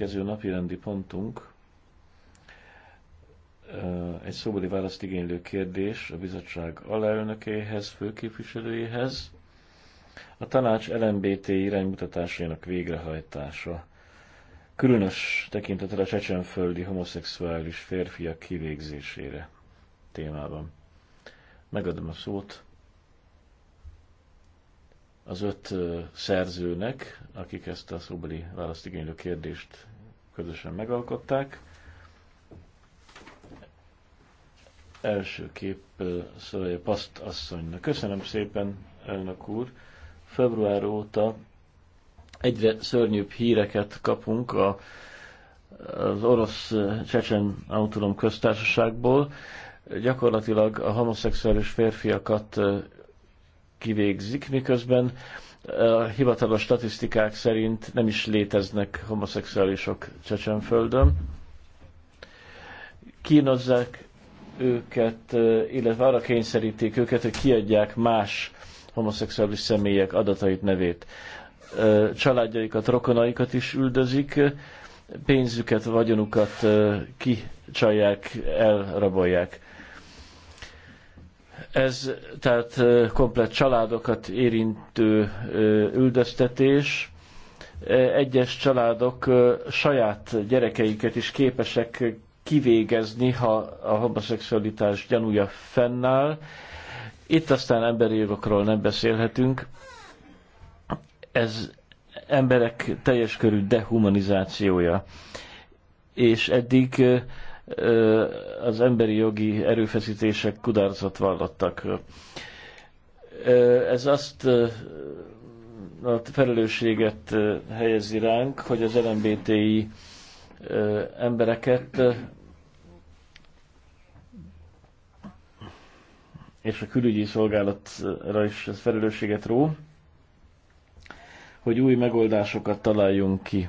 következő napirendi pontunk egy szóbeli választ igénylő kérdés a bizottság alelnökéhez, főképviselőjéhez. A tanács LMBT iránymutatásainak végrehajtása. Különös tekintetel a csecsenföldi homoszexuális férfiak kivégzésére témában. Megadom a szót az öt szerzőnek, akik ezt a szóbeli választigénylő kérdést közösen megalkották. Első kép Szöreje Paszt asszonynak. Köszönöm szépen, elnök úr. Február óta egyre szörnyűbb híreket kapunk a, az orosz csecsen autonóm köztársaságból. Gyakorlatilag a homoszexuális férfiakat kivégzik, miközben a hivatalos statisztikák szerint nem is léteznek homoszexuálisok Csecsenföldön. Kínozzák őket, illetve arra kényszerítik őket, hogy kiadják más homoszexuális személyek adatait, nevét. Családjaikat, rokonaikat is üldözik, pénzüket, vagyonukat kicsalják, elrabolják. Ez tehát komplet családokat érintő üldöztetés. Egyes családok saját gyerekeiket is képesek kivégezni, ha a homoszexualitás gyanúja fennáll. Itt aztán emberi jogokról nem beszélhetünk. Ez emberek teljes körű dehumanizációja. És eddig az emberi jogi erőfeszítések kudarcot vallottak. Ez azt a felelősséget helyezi ránk, hogy az LMBTI embereket és a külügyi szolgálatra is felelősséget ró, hogy új megoldásokat találjunk ki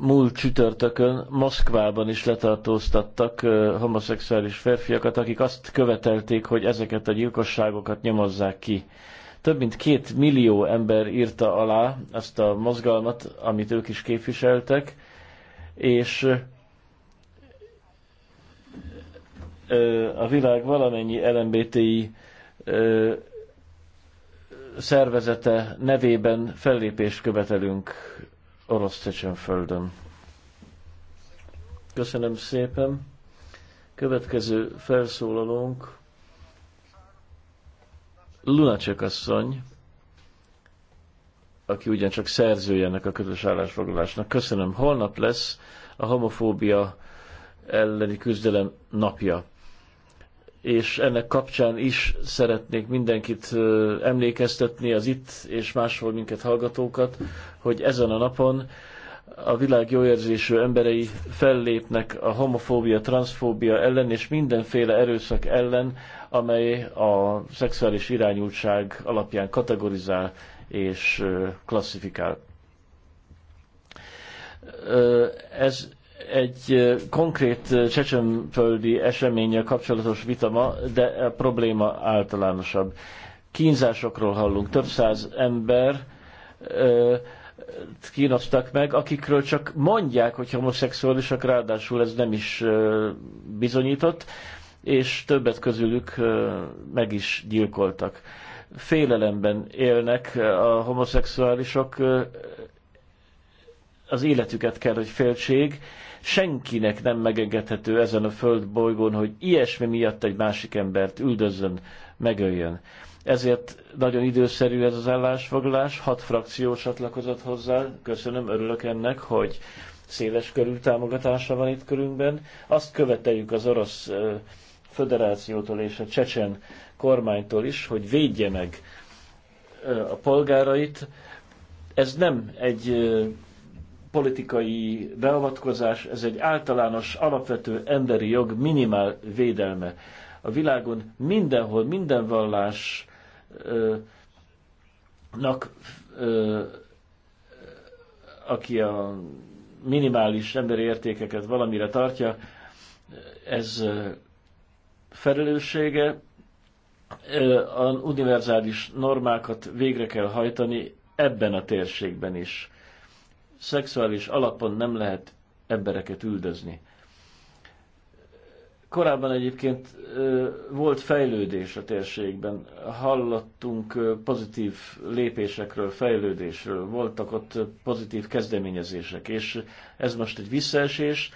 múlt csütörtökön Moszkvában is letartóztattak homoszexuális férfiakat, akik azt követelték, hogy ezeket a gyilkosságokat nyomozzák ki. Több mint két millió ember írta alá ezt a mozgalmat, amit ők is képviseltek, és a világ valamennyi LMBTI szervezete nevében fellépést követelünk orosz földön. Köszönöm szépen. Következő felszólalónk Lunacek asszony, aki ugyancsak szerzője ennek a közös állásfoglalásnak. Köszönöm. Holnap lesz a homofóbia elleni küzdelem napja és ennek kapcsán is szeretnék mindenkit emlékeztetni, az itt és máshol minket hallgatókat, hogy ezen a napon a világ jóérzésű emberei fellépnek a homofóbia, transzfóbia ellen és mindenféle erőszak ellen, amely a szexuális irányultság alapján kategorizál és klasszifikál. Ez egy konkrét csecsemföldi eseménnyel kapcsolatos vita ma, de a probléma általánosabb. Kínzásokról hallunk. Több száz ember kínoztak meg, akikről csak mondják, hogy homoszexuálisak, ráadásul ez nem is bizonyított, és többet közülük meg is gyilkoltak. Félelemben élnek a homoszexuálisok, az életüket kell, hogy féltség. Senkinek nem megengedhető ezen a bolygón, hogy ilyesmi miatt egy másik embert üldözzön, megöljön. Ezért nagyon időszerű ez az állásfoglalás, hat frakció csatlakozott hozzá, köszönöm, örülök ennek, hogy széles körű támogatása van itt körünkben. Azt követeljük az orosz föderációtól és a csecsen kormánytól is, hogy védje meg a polgárait. Ez nem egy politikai beavatkozás, ez egy általános, alapvető emberi jog minimál védelme. A világon mindenhol, minden vallásnak, aki a minimális emberi értékeket valamire tartja, ez felelőssége, a univerzális normákat végre kell hajtani ebben a térségben is szexuális alapon nem lehet embereket üldözni. Korábban egyébként volt fejlődés a térségben, hallottunk pozitív lépésekről, fejlődésről, voltak ott pozitív kezdeményezések, és ez most egy visszaesés,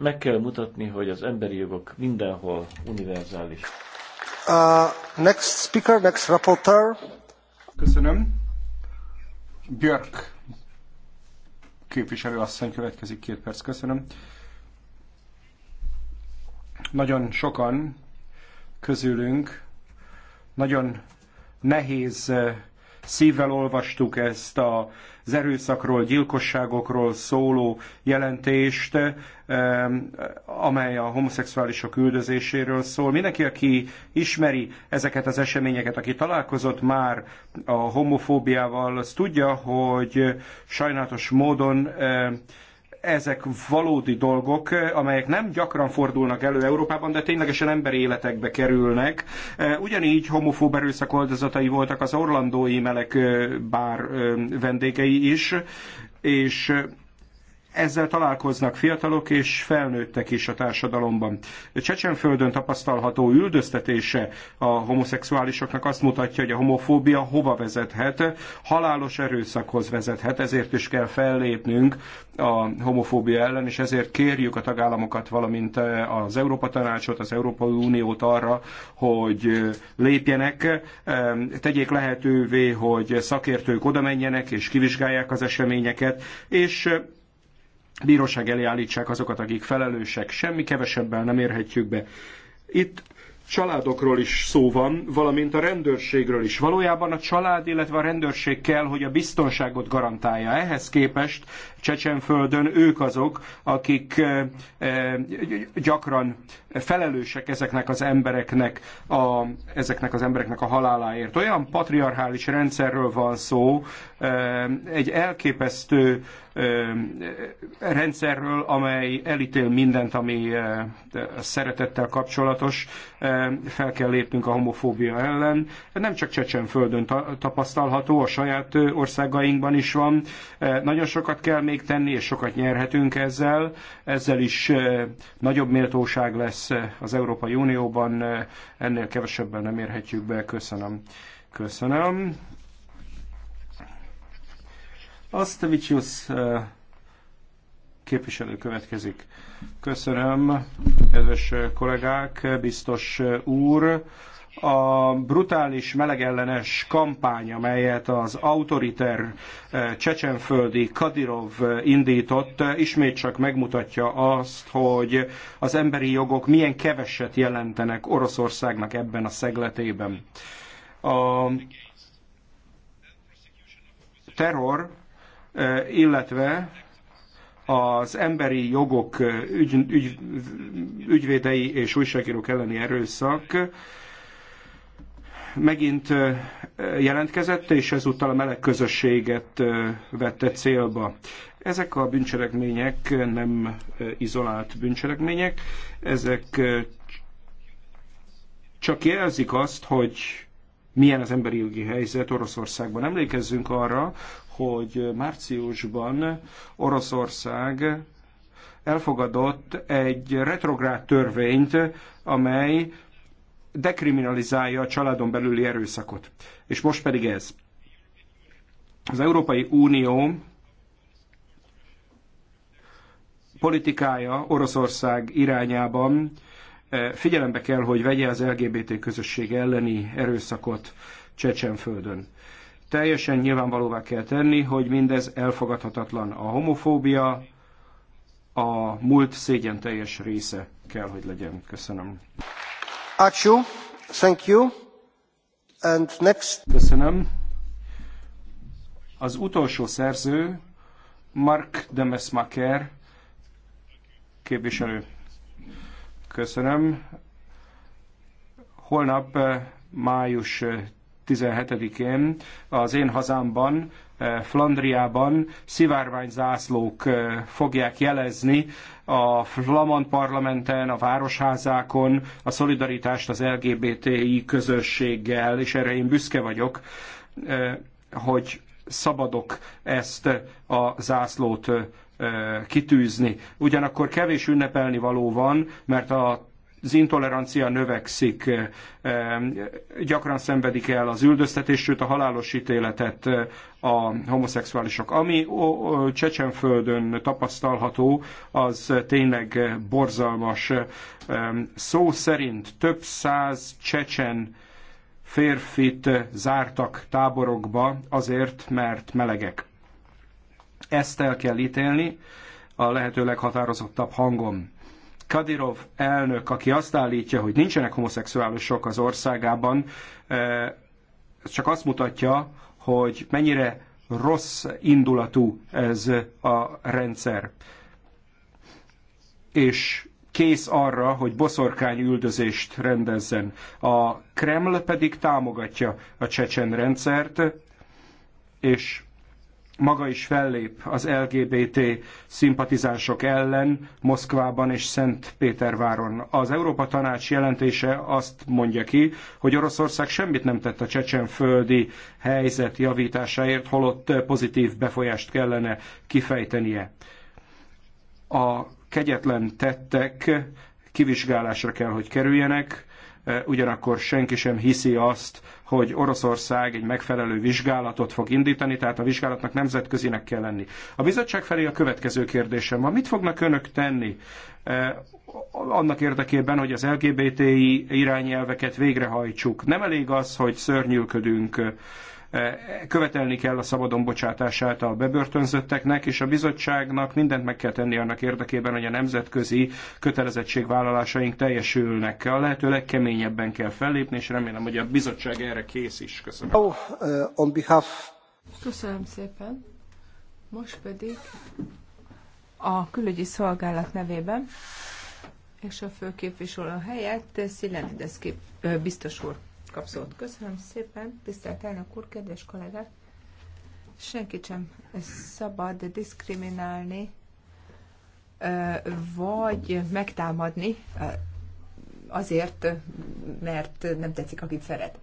meg kell mutatni, hogy az emberi jogok mindenhol univerzális. Uh, next speaker, next rapporteur. Köszönöm. Björk Képviselő asszony következik két perc, köszönöm. Nagyon sokan közülünk nagyon nehéz eh, szívvel olvastuk ezt a az erőszakról, gyilkosságokról szóló jelentést, amely a homoszexuálisok üldözéséről szól. Mindenki, aki ismeri ezeket az eseményeket, aki találkozott már a homofóbiával, az tudja, hogy sajnálatos módon ezek valódi dolgok, amelyek nem gyakran fordulnak elő Európában, de ténylegesen emberi életekbe kerülnek. E, ugyanígy homofób erőszak áldozatai voltak az orlandói meleg e, bár e, vendégei is, és ezzel találkoznak fiatalok és felnőttek is a társadalomban. Csecsenföldön tapasztalható üldöztetése a homoszexuálisoknak azt mutatja, hogy a homofóbia hova vezethet, halálos erőszakhoz vezethet, ezért is kell fellépnünk a homofóbia ellen, és ezért kérjük a tagállamokat, valamint az Európa Tanácsot, az Európai Uniót arra, hogy lépjenek, tegyék lehetővé, hogy szakértők oda menjenek és kivizsgálják az eseményeket, és bíróság elé állítsák azokat, akik felelősek. Semmi kevesebbel nem érhetjük be. Itt családokról is szó van, valamint a rendőrségről is. Valójában a család, illetve a rendőrség kell, hogy a biztonságot garantálja. Ehhez képest Csecsenföldön ők azok, akik eh, eh, gyakran felelősek ezeknek az embereknek a, ezeknek az embereknek a haláláért. Olyan patriarchális rendszerről van szó, egy elképesztő rendszerről, amely elítél mindent, ami szeretettel kapcsolatos. Fel kell lépnünk a homofóbia ellen. Nem csak Csecsenföldön tapasztalható, a saját országainkban is van. Nagyon sokat kell még tenni, és sokat nyerhetünk ezzel. Ezzel is nagyobb méltóság lesz lesz eh, az Európai Unióban, eh, ennél kevesebben nem érhetjük be. Köszönöm. Köszönöm. Asztavicius eh, képviselő következik. Köszönöm, kedves kollégák, biztos úr a brutális melegellenes kampány, amelyet az autoriter eh, csecsenföldi Kadirov eh, indított, eh, ismét csak megmutatja azt, hogy az emberi jogok milyen keveset jelentenek Oroszországnak ebben a szegletében. A terror, illetve az emberi jogok ügy, ügy, ügyvédei és újságírók elleni erőszak megint jelentkezett, és ezúttal a meleg közösséget vette célba. Ezek a bűncselekmények nem izolált bűncselekmények, ezek csak jelzik azt, hogy milyen az emberi jogi helyzet Oroszországban. Emlékezzünk arra, hogy márciusban Oroszország elfogadott egy retrográd törvényt, amely dekriminalizálja a családon belüli erőszakot. És most pedig ez. Az Európai Unió politikája Oroszország irányában eh, figyelembe kell, hogy vegye az LGBT közösség elleni erőszakot Csecsenföldön. Teljesen nyilvánvalóvá kell tenni, hogy mindez elfogadhatatlan. A homofóbia a múlt szégyen teljes része kell, hogy legyen. Köszönöm. Köszönöm. Az utolsó szerző Mark Demesmaker képviselő. Köszönöm. Holnap eh, május 17-én eh, az én hazámban Flandriában szivárványzászlók fogják jelezni a flamand parlamenten, a városházákon a szolidaritást az LGBTI közösséggel, és erre én büszke vagyok, hogy szabadok ezt a zászlót kitűzni. Ugyanakkor kevés ünnepelni való van, mert a az intolerancia növekszik, gyakran szenvedik el az üldöztetést, sőt a halálos ítéletet a homoszexuálisok. Ami Csecsenföldön tapasztalható, az tényleg borzalmas. Szó szerint több száz csecsen férfit zártak táborokba azért, mert melegek. Ezt el kell ítélni a lehető leghatározottabb hangon. Kadirov elnök, aki azt állítja, hogy nincsenek homoszexuálisok az országában, eh, csak azt mutatja, hogy mennyire rossz indulatú ez a rendszer. És kész arra, hogy boszorkányüldözést rendezzen. A Kreml pedig támogatja a csecsen rendszert, és maga is fellép az LGBT szimpatizánsok ellen Moszkvában és Szentpéterváron. Az Európa Tanács jelentése azt mondja ki, hogy Oroszország semmit nem tett a csecsenföldi helyzet javításáért, holott pozitív befolyást kellene kifejtenie. A kegyetlen tettek kivizsgálásra kell, hogy kerüljenek, Eh, ugyanakkor senki sem hiszi azt, hogy Oroszország egy megfelelő vizsgálatot fog indítani, tehát a vizsgálatnak nemzetközinek kell lenni. A bizottság felé a következő kérdésem van. Mit fognak önök tenni eh, annak érdekében, hogy az LGBTI irányelveket végrehajtsuk? Nem elég az, hogy szörnyűködünk eh, követelni kell a szabadon bocsátását a bebörtönzötteknek, és a bizottságnak mindent meg kell tenni annak érdekében, hogy a nemzetközi kötelezettségvállalásaink teljesülnek. A lehető legkeményebben kell fellépni, és remélem, hogy a bizottság erre kész is. Köszönöm. Oh, uh, on behalf... Köszönöm szépen. Most pedig a külügyi szolgálat nevében és a főképviselő helyett Szilentides biztos úr szót. Köszönöm szépen, tisztelt elnök úr, kedves kollégák! Senkit sem szabad diszkriminálni, vagy megtámadni azért, mert nem tetszik, akit szeret.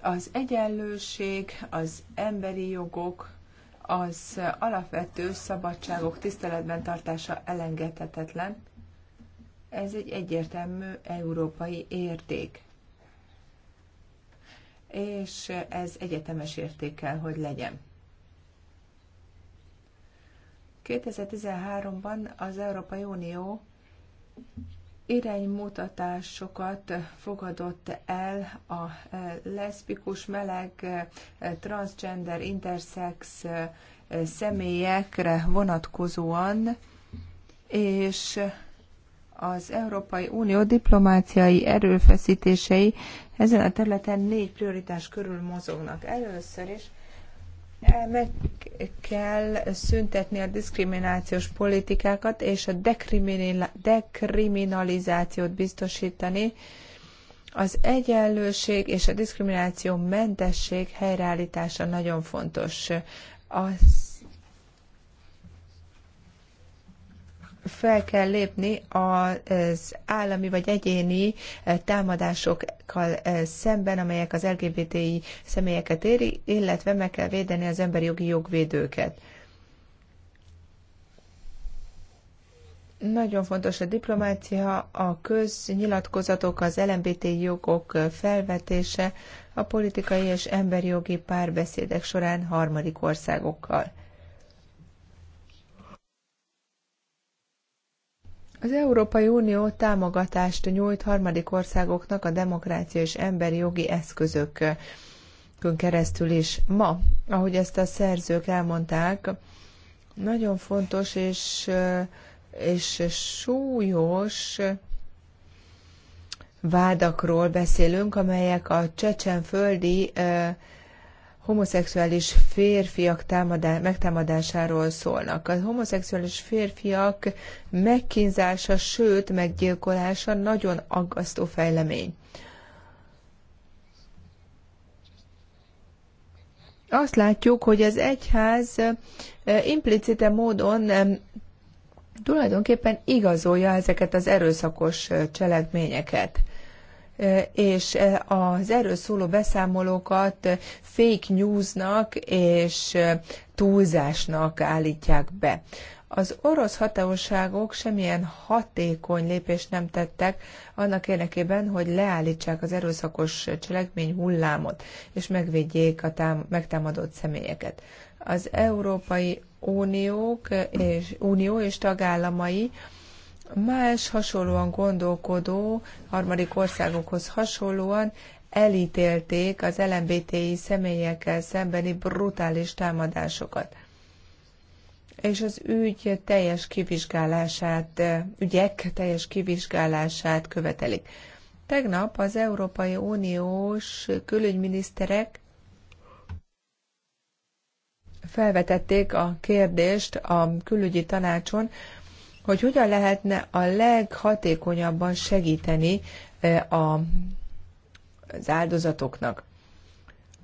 Az egyenlőség, az emberi jogok, az alapvető szabadságok tiszteletben tartása elengedhetetlen ez egy egyértelmű európai érték. És ez egyetemes értékkel, hogy legyen. 2013-ban az Európai Unió iránymutatásokat fogadott el a e, leszbikus, meleg, e, transgender, intersex e, személyekre vonatkozóan, és az Európai Unió diplomáciai erőfeszítései ezen a területen négy prioritás körül mozognak. Először is eh, meg kell szüntetni a diszkriminációs politikákat és a dekriminalizációt biztosítani, az egyenlőség és a diszkrimináció mentesség helyreállítása nagyon fontos. Az fel kell lépni az állami vagy egyéni eh, támadásokkal eh, szemben, amelyek az LGBTI személyeket éri, illetve meg kell védeni az emberi jogi jogvédőket. Nagyon fontos a diplomácia, a köznyilatkozatok, az LMBT jogok eh, felvetése a politikai és emberi jogi párbeszédek során harmadik országokkal. Az Európai Unió támogatást nyújt harmadik országoknak a demokrácia és emberi jogi eszközökön keresztül is. Ma, ahogy ezt a szerzők elmondták, nagyon fontos és, és súlyos vádakról beszélünk, amelyek a csecsenföldi földi homoszexuális férfiak támadá- megtámadásáról szólnak. A homoszexuális férfiak megkínzása, sőt meggyilkolása nagyon aggasztó fejlemény. Azt látjuk, hogy az egyház e, implicite módon e, tulajdonképpen igazolja ezeket az erőszakos e, cselekményeket és eh, az erről szóló beszámolókat fake newsnak és eh, túlzásnak állítják be. Az orosz hatóságok semmilyen hatékony lépést nem tettek annak érdekében, hogy leállítsák az erőszakos cselekmény hullámot, és megvédjék a tám- megtámadott személyeket. Az Európai Uniók eh, és, Unió és tagállamai Más hasonlóan gondolkodó, harmadik országokhoz hasonlóan elítélték az LMBTI személyekkel szembeni brutális támadásokat és az ügy teljes kivizsgálását, ügyek teljes kivizsgálását követelik. Tegnap az Európai Uniós külügyminiszterek felvetették a kérdést a külügyi tanácson, hogy hogyan lehetne a leghatékonyabban segíteni a, az áldozatoknak.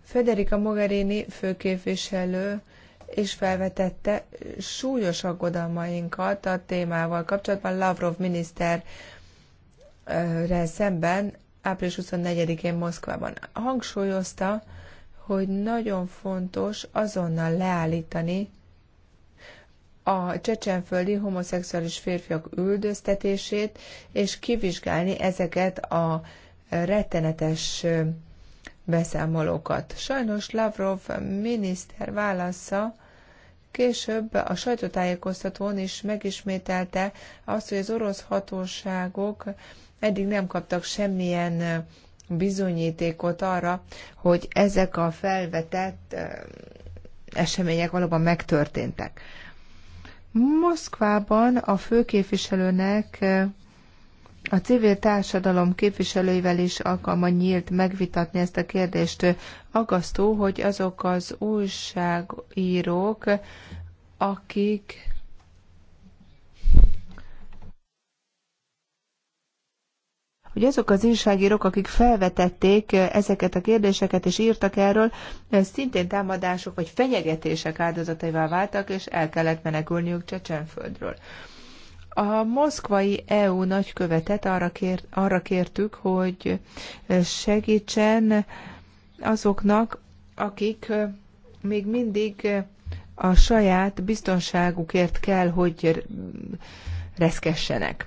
Federica Mogherini főképviselő és felvetette súlyos aggodalmainkat a témával kapcsolatban Lavrov miniszterre szemben április 24-én Moszkvában. Hangsúlyozta, hogy nagyon fontos azonnal leállítani a csecsenföldi homoszexuális férfiak üldöztetését, és kivizsgálni ezeket a rettenetes beszámolókat. Sajnos Lavrov miniszter válasza később a sajtótájékoztatón is megismételte azt, hogy az orosz hatóságok eddig nem kaptak semmilyen bizonyítékot arra, hogy ezek a felvetett események valóban megtörténtek. Moszkvában a főképviselőnek eh, a civil társadalom képviselőivel is alkalma nyílt megvitatni ezt a kérdést. Agasztó, hogy azok az újságírók, akik hogy azok az újságírók, akik felvetették eh, ezeket a kérdéseket és írtak erről, eh, szintén támadások vagy fenyegetések áldozataival váltak, és el kellett menekülniük Csecsenföldről. A moszkvai EU nagykövetet arra, kér, arra kértük, hogy eh, segítsen azoknak, akik még mindig a saját biztonságukért kell, hogy reszkessenek.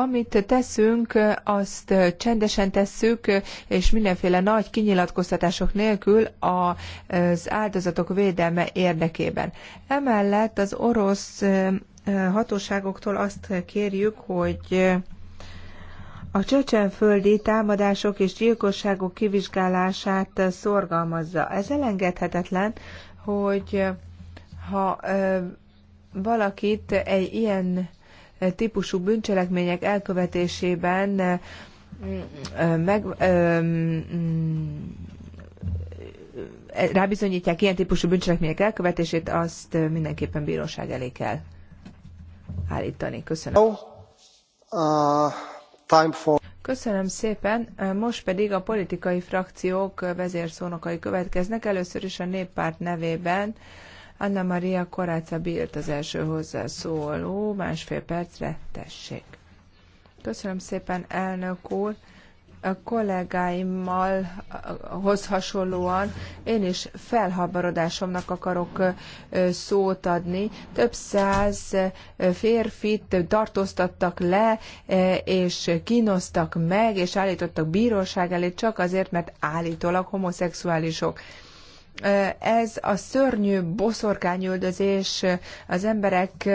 amit teszünk, azt csendesen tesszük, és mindenféle nagy kinyilatkoztatások nélkül az áldozatok védelme érdekében. Emellett az orosz hatóságoktól azt kérjük, hogy a csecsenföldi támadások és gyilkosságok kivizsgálását szorgalmazza. Ez elengedhetetlen, hogy ha valakit egy ilyen típusú bűncselekmények elkövetésében meg, mm, rábizonyítják ilyen típusú bűncselekmények elkövetését, azt mindenképpen bíróság elé kell állítani. Köszönöm. Oh, uh, time for... Köszönöm szépen. Most pedig a politikai frakciók vezérszónokai következnek. Először is a néppárt nevében Anna Maria Koráca Bilt az első hozzászóló, másfél percre tessék. Köszönöm szépen, elnök úr. A kollégáimmal hoz hasonlóan én is felhabarodásomnak akarok szót adni. Több száz férfit tartóztattak le, és kínoztak meg, és állítottak bíróság elé csak azért, mert állítólag homoszexuálisok. Ez a szörnyű boszorkányüldözés, az emberek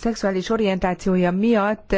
szexuális orientációja miatt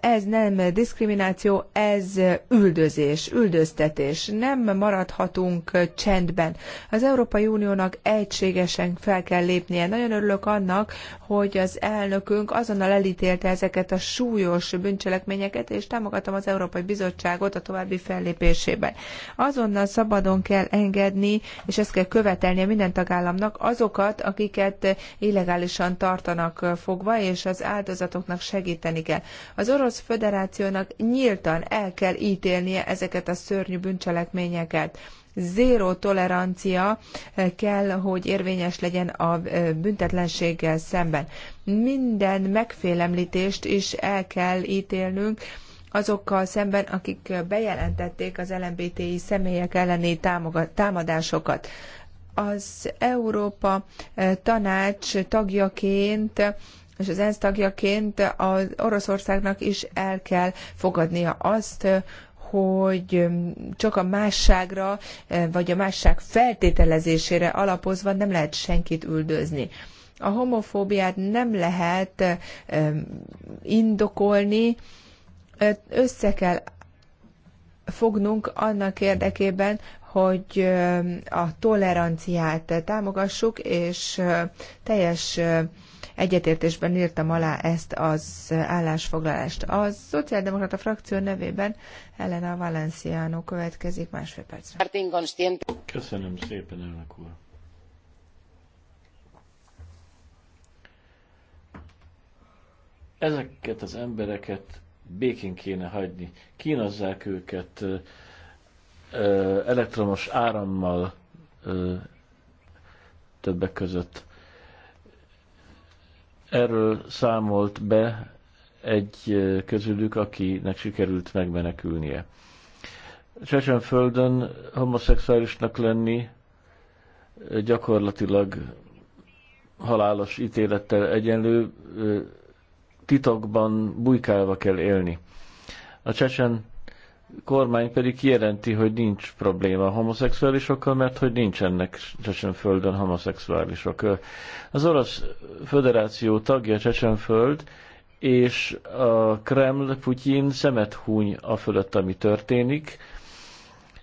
ez nem diszkrimináció, ez üldözés, üldöztetés. Nem maradhatunk csendben. Az Európai Uniónak egységesen fel kell lépnie. Nagyon örülök annak, hogy az elnökünk azonnal elítélte ezeket a súlyos bűncselekményeket, és támogatom az Európai Bizottságot a további fellépésében. Azonnal szabadon kell engedni, és ezt kell követelnie minden tagállamnak azokat, akiket illegálisan tartanak fogva, és az áldozatoknak segíteni kell. Az Orosz Föderációnak nyíltan el kell ítélnie ezeket a szörnyű bűncselekményeket zéró tolerancia kell, hogy érvényes legyen a büntetlenséggel szemben. Minden megfélemlítést is el kell ítélnünk, azokkal szemben, akik bejelentették az LMBTI személyek elleni támadásokat az Európa eh, Tanács tagjaként és az ENSZ tagjaként az Oroszországnak is el kell fogadnia azt, eh, hogy eh, csak a másságra, vagy a másság feltételezésére alapozva nem lehet senkit üldözni. A homofóbiát nem lehet indokolni, össze kell fognunk annak érdekében, hogy a toleranciát támogassuk, és teljes egyetértésben írtam alá ezt az állásfoglalást. A szociáldemokrata frakció nevében Elena Valenciano következik másfél percre. Köszönöm szépen, elnök úr. Ezeket az embereket békén kéne hagyni. Kínozzák őket, elektromos árammal többek között. Erről számolt be egy közülük, akinek sikerült megmenekülnie. Csecsenföldön homoszexuálisnak lenni gyakorlatilag halálos ítélettel egyenlő, titokban bujkálva kell élni. A csecsen kormány pedig jelenti, hogy nincs probléma a homoszexuálisokkal, mert hogy nincsenek Csecsenföldön homoszexuálisok. Az Orosz Föderáció tagja Csecsenföld, és a Kreml, Putyin szemet húny a fölött, ami történik.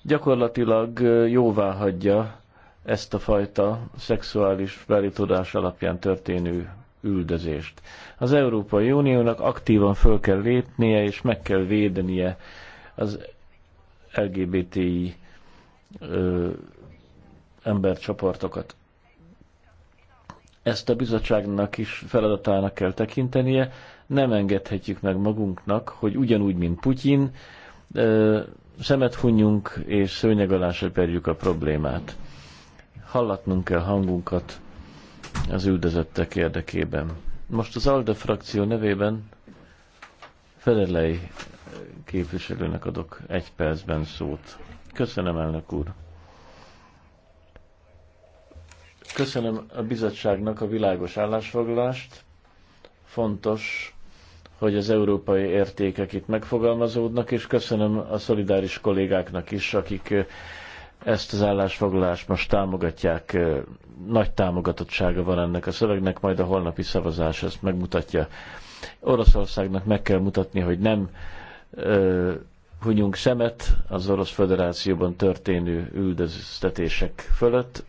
Gyakorlatilag jóvá hagyja ezt a fajta szexuális belitudás alapján történő üldözést. Az Európai Uniónak aktívan föl kell lépnie, és meg kell védenie az LGBTI ö, embercsoportokat. Ezt a bizottságnak is feladatának kell tekintenie, nem engedhetjük meg magunknak, hogy ugyanúgy, mint Putyin, ö, szemet hunyunk és szőnyeg alá a problémát. Hallatnunk kell hangunkat az üldözöttek érdekében. Most az ALDE frakció nevében Federlei képviselőnek adok egy percben szót. Köszönöm, elnök úr. Köszönöm a bizottságnak a világos állásfoglalást. Fontos, hogy az európai értékek itt megfogalmazódnak, és köszönöm a szolidáris kollégáknak is, akik ezt az állásfoglalást most támogatják. Nagy támogatottsága van ennek a szövegnek, majd a holnapi szavazás ezt megmutatja. Oroszországnak meg kell mutatni, hogy nem hunyunk szemet az Orosz Föderációban történő üldöztetések fölött.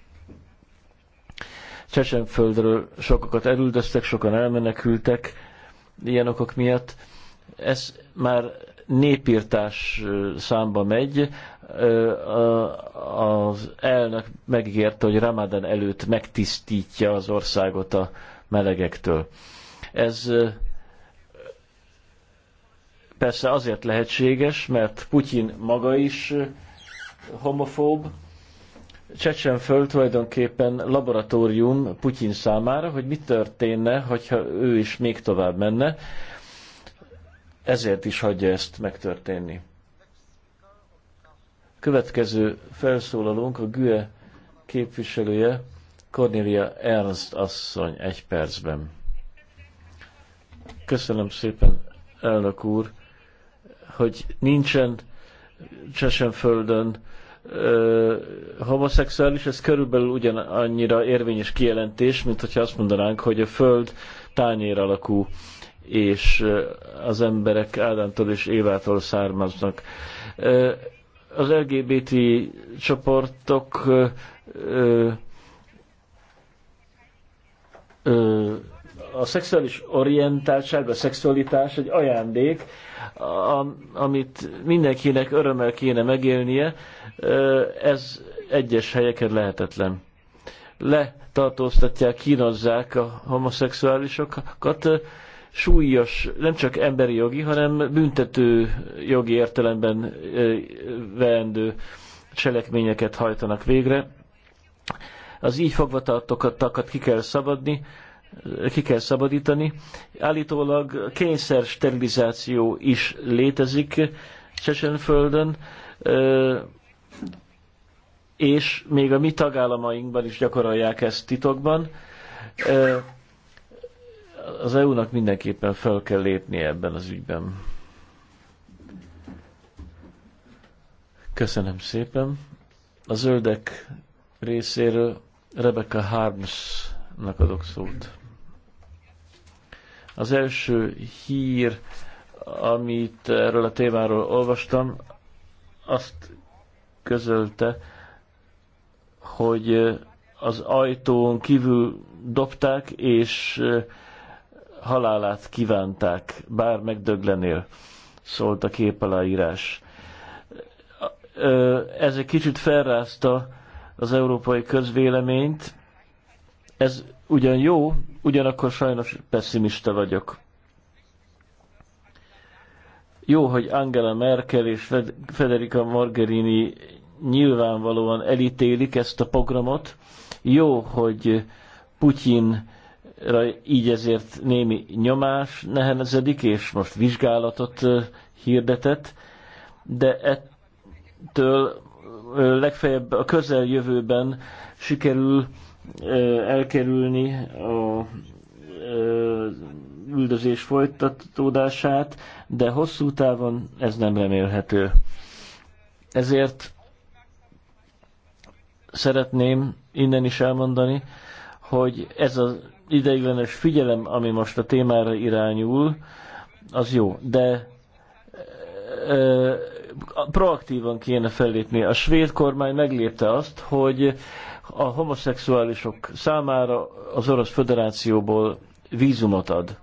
Csecsenföldről sokakat elüldöztek, sokan elmenekültek ilyen okok miatt. Ez már népírtás számba megy. Az elnök megígérte, hogy Ramadán előtt megtisztítja az országot a melegektől. Ez persze azért lehetséges, mert Putyin maga is homofób. Csecsen föl tulajdonképpen laboratórium Putyin számára, hogy mi történne, hogyha ő is még tovább menne. Ezért is hagyja ezt megtörténni. Következő felszólalónk a GÜE képviselője, Cornelia Ernst asszony egy percben. Köszönöm szépen, elnök úr hogy nincsen csesen földön homoszexuális, ez körülbelül ugyanannyira érvényes kijelentés, mint hogyha azt mondanánk, hogy a Föld tányér alakú, és az emberek Ádámtól és Évától származnak. az LGBT csoportok a szexuális orientáltság, a szexualitás egy ajándék, a, amit mindenkinek örömmel kéne megélnie, ez egyes helyeken lehetetlen. Letartóztatják, kínozzák a homoszexuálisokat, súlyos, nem csak emberi jogi, hanem büntető jogi értelemben veendő cselekményeket hajtanak végre. Az így fogvatartottakat ki kell szabadni, ki kell szabadítani. Állítólag kényszer sterilizáció is létezik Csecsenföldön, és még a mi tagállamainkban is gyakorolják ezt titokban. Az EU-nak mindenképpen fel kell lépni ebben az ügyben. Köszönöm szépen. A zöldek részéről Rebecca Harms úrnak adok szót. Az első hír, amit erről a témáról olvastam, azt közölte, hogy az ajtón kívül dobták, és halálát kívánták, bár megdöglenél, szólt a kép aláírás. Ez egy kicsit felrázta az európai közvéleményt, ez ugyan jó, ugyanakkor sajnos pessimista vagyok. Jó, hogy Angela Merkel és Federica Margherini nyilvánvalóan elítélik ezt a programot. Jó, hogy Putyinra így ezért némi nyomás nehezedik, és most vizsgálatot hirdetett, de ettől legfeljebb a közeljövőben sikerül elkerülni a üldözés folytatódását, de hosszú távon ez nem remélhető. Ezért szeretném innen is elmondani, hogy ez az ideiglenes figyelem, ami most a témára irányul, az jó, de proaktívan kéne fellépni. A svéd kormány meglépte azt, hogy a homoszexuálisok számára az Orosz Föderációból vízumot ad.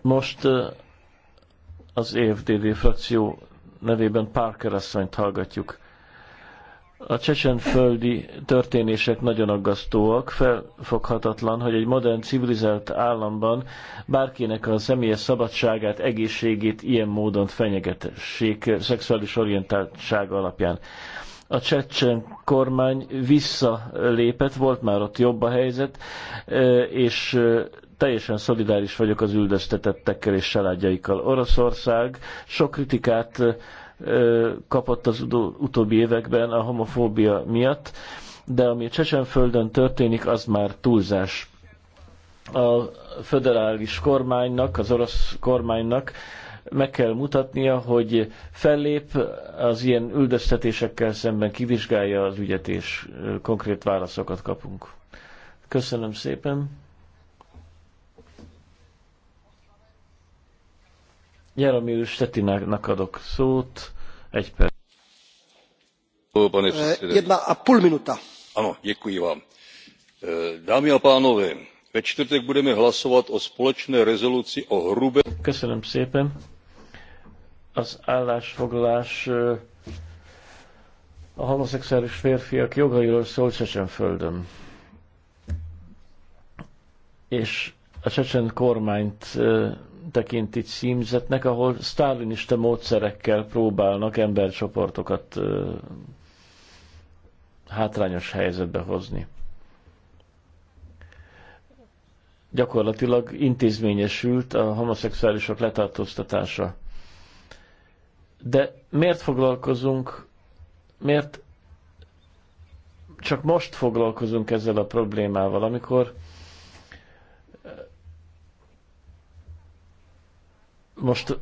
Most az EFDD frakció nevében Parker asszonyt hallgatjuk a csecsenföldi történések nagyon aggasztóak, felfoghatatlan, hogy egy modern, civilizált államban bárkinek a személyes szabadságát, egészségét ilyen módon fenyegetessék szexuális orientáltság alapján. A csecsen kormány visszalépett, volt már ott jobb a helyzet, és teljesen szolidáris vagyok az üldöztetettekkel és családjaikkal. Oroszország sok kritikát kapott az utóbbi években a homofóbia miatt, de ami Csecsenföldön történik, az már túlzás. A föderális kormánynak, az orosz kormánynak meg kell mutatnia, hogy fellép az ilyen üldöztetésekkel szemben, kivizsgálja az ügyet, és konkrét válaszokat kapunk. Köszönöm szépen! Jaromír Stetinának adok szót. Egy perc. Eh, jedna a půl minuta. Ano, děkuji vám. Eh, dámy a pánové, ve čtvrtek budeme hlasovat o společné rezoluci o hrubé... Köszönöm szépen. Az állásfoglalás eh, a homoszexuális férfiak jogairól szól Csecsenföldön. És a csecsen kormányt tekinti címzetnek, ahol sztálinista módszerekkel próbálnak embercsoportokat hátrányos helyzetbe hozni. Gyakorlatilag intézményesült a homoszexuálisok letartóztatása. De miért foglalkozunk, miért csak most foglalkozunk ezzel a problémával, amikor Most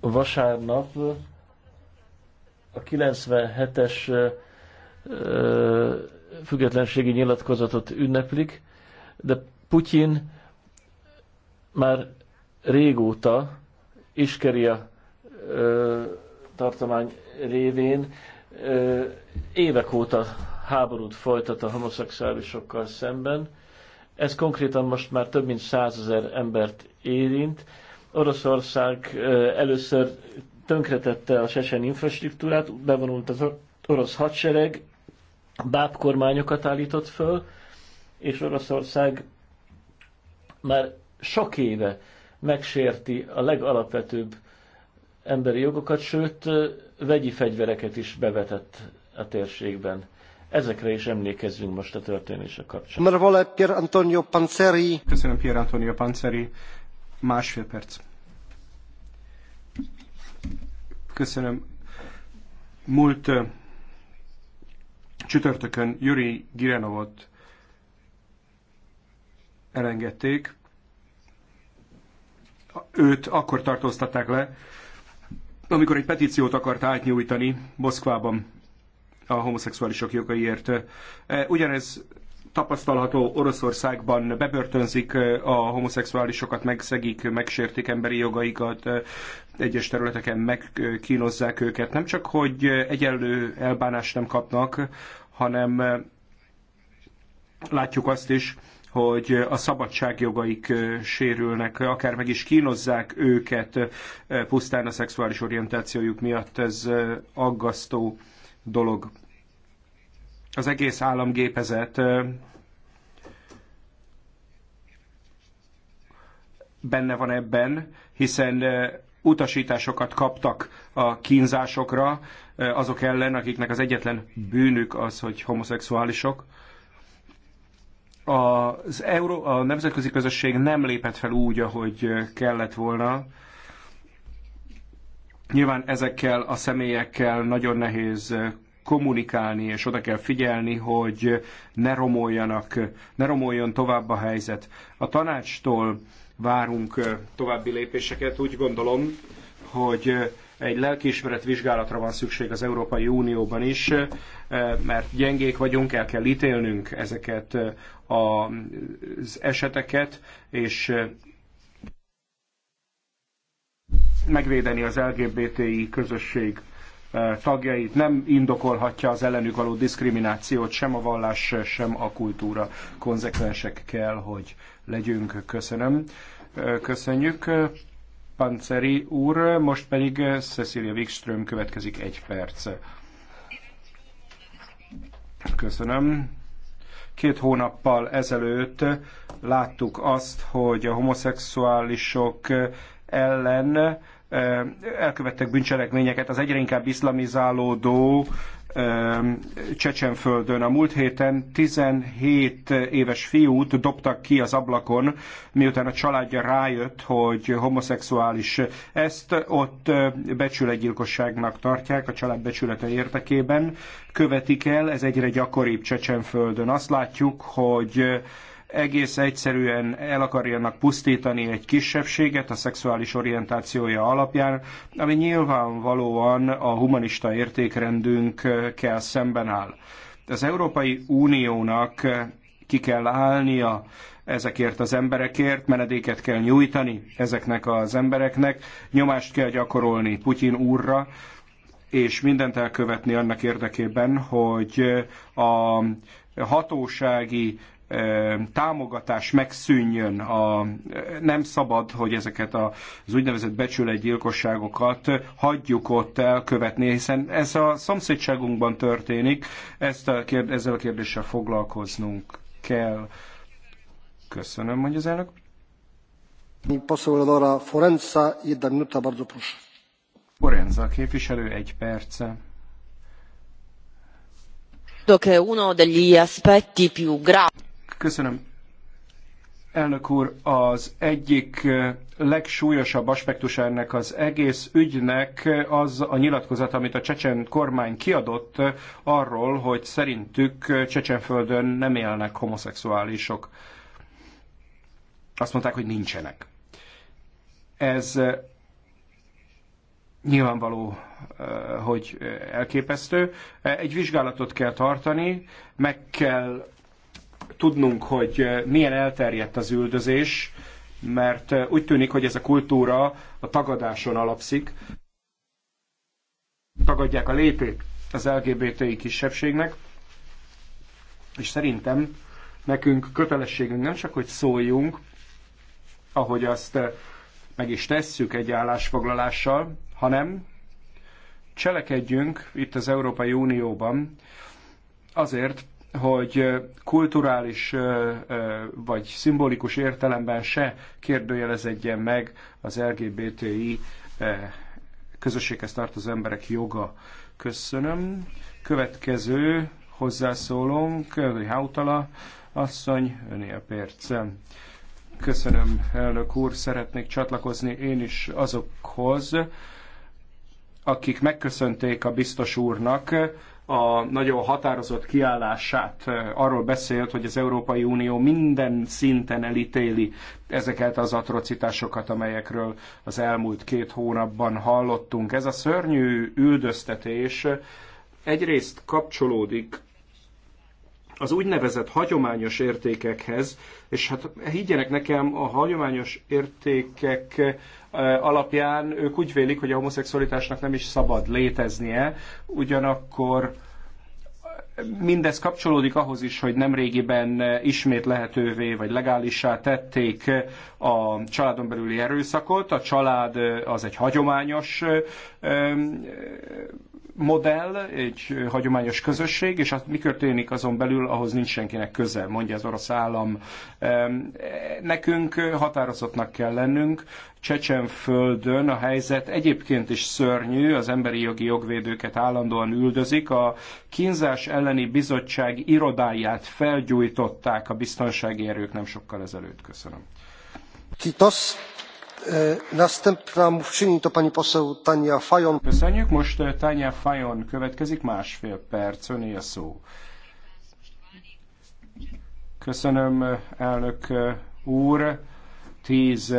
vasárnap a 97-es függetlenségi nyilatkozatot ünneplik, de Putyin már régóta Iskeria a tartomány révén évek óta háborút folytat a homoszexuálisokkal szemben, ez konkrétan most már több mint százezer embert érint. Oroszország először tönkretette a Sesen infrastruktúrát, bevonult az orosz hadsereg, báb kormányokat állított föl, és Oroszország már sok éve megsérti a legalapvetőbb emberi jogokat, sőt, vegyi fegyvereket is bevetett a térségben. Ezekre is emlékezzünk most a történések kapcsán. Mervole Pier Antonio Panzeri. Köszönöm Pier Antonio Panzeri. Másfél perc. Köszönöm. Múlt csütörtökön Juri Girenovot elengedték. Őt akkor tartóztatták le, amikor egy petíciót akart átnyújtani Moszkvában a homoszexuálisok jogaiért. E, ugyanez tapasztalható Oroszországban bebörtönzik e, a homoszexuálisokat, megszegik, megsértik emberi jogaikat, e, egyes területeken megkínozzák őket. Nem csak, hogy egyenlő elbánást nem kapnak, hanem látjuk azt is, hogy a szabadságjogaik sérülnek, akár meg is kínozzák őket pusztán a szexuális orientációjuk miatt. Ez aggasztó dolog. Az egész államgépezet benne van ebben, hiszen utasításokat kaptak a kínzásokra azok ellen, akiknek az egyetlen bűnük az, hogy homoszexuálisok. Az Euró- a nemzetközi közösség nem lépett fel úgy, ahogy kellett volna. Nyilván ezekkel a személyekkel nagyon nehéz eh, kommunikálni, és oda kell figyelni, hogy ne romoljanak, ne romoljon tovább a helyzet. A tanácstól várunk eh, további lépéseket. Úgy gondolom, hogy eh, egy lelkiismeret vizsgálatra van szükség az Európai Unióban is, mert gyengék vagyunk, el kell ítélnünk ezeket mm, az eseteket, és megvédeni az LGBTI közösség eh, tagjait, nem indokolhatja az ellenük való diszkriminációt, sem a vallás, sem a kultúra. Konzekvensek kell, hogy legyünk. Köszönöm. Eh, köszönjük. Eh, Panceri úr, most pedig Cecilia Wikström következik egy perc. Köszönöm. Két hónappal ezelőtt láttuk azt, hogy a homoszexuálisok ellen elkövettek bűncselekményeket az egyre inkább iszlamizálódó Csecsenföldön. A múlt héten 17 éves fiút dobtak ki az ablakon, miután a családja rájött, hogy homoszexuális. Ezt ott becsületgyilkosságnak tartják, a család becsülete érdekében. követik el, ez egyre gyakoribb Csecsenföldön. Azt látjuk, hogy egész egyszerűen el akarjanak pusztítani egy kisebbséget a szexuális orientációja alapján, ami nyilvánvalóan a humanista értékrendünkkel eh, szemben áll. Az Európai Uniónak eh, ki kell állnia ezekért az emberekért, menedéket kell nyújtani ezeknek az embereknek, nyomást kell gyakorolni Putyin úrra, és mindent elkövetni annak érdekében, hogy eh, a hatósági támogatás megszűnjön. A, nem szabad, hogy ezeket az úgynevezett becsületgyilkosságokat hagyjuk ott elkövetni, hiszen ez a szomszédságunkban történik, ezt a kérd, ezzel a kérdéssel foglalkoznunk kell. Köszönöm, mondja az elnök. Poszolodora Forenza, jedna minuta, bardzo proszę. Forenza, képviselő, egy perce credo che uno degli aspetti più gravi Köszönöm. Elnök úr, az egyik legsúlyosabb aspektus ennek az egész ügynek az a nyilatkozat, amit a csecsen kormány kiadott arról, hogy szerintük Csecsenföldön nem élnek homoszexuálisok. Azt mondták, hogy nincsenek. Ez nyilvánvaló, hogy elképesztő. Egy vizsgálatot kell tartani, meg kell tudnunk, hogy eh, milyen elterjedt az üldözés, mert eh, úgy tűnik, hogy ez a kultúra a tagadáson alapszik. Tagadják a lépét az LGBTI kisebbségnek, és szerintem nekünk kötelességünk nem csak, hogy szóljunk, ahogy azt eh, meg is tesszük egy állásfoglalással, hanem cselekedjünk itt az Európai Unióban azért, hogy kulturális vagy szimbolikus értelemben se kérdőjelezedjen meg az LGBTI közösséghez tartozó emberek joga. Köszönöm. Következő hozzászólónk, Hautala asszony, öné a percem. Köszönöm, elnök úr, szeretnék csatlakozni én is azokhoz, akik megköszönték a biztos úrnak a nagyon határozott kiállását arról beszélt, hogy az Európai Unió minden szinten elítéli ezeket az atrocitásokat, amelyekről az elmúlt két hónapban hallottunk. Ez a szörnyű üldöztetés egyrészt kapcsolódik az úgynevezett hagyományos értékekhez, és hát higgyenek nekem, a hagyományos értékek alapján ők úgy vélik, hogy a homoszexualitásnak nem is szabad léteznie, ugyanakkor mindez kapcsolódik ahhoz is, hogy nemrégiben ismét lehetővé vagy legálissá tették a családon belüli erőszakot. A család az egy hagyományos modell, egy hagyományos közösség, és az, mi történik azon belül, ahhoz nincs senkinek köze, mondja az orosz állam. Nekünk határozottnak kell lennünk, Csecsenföldön a helyzet egyébként is szörnyű, az emberi jogi jogvédőket állandóan üldözik, a kínzás elleni bizottság irodáját felgyújtották a biztonsági erők nem sokkal ezelőtt. Köszönöm. Kitos. E, Köszönjük, most e, Tanya Fajon következik, másfél perc, öné a szó. Köszönöm, e, elnök úr. Tíz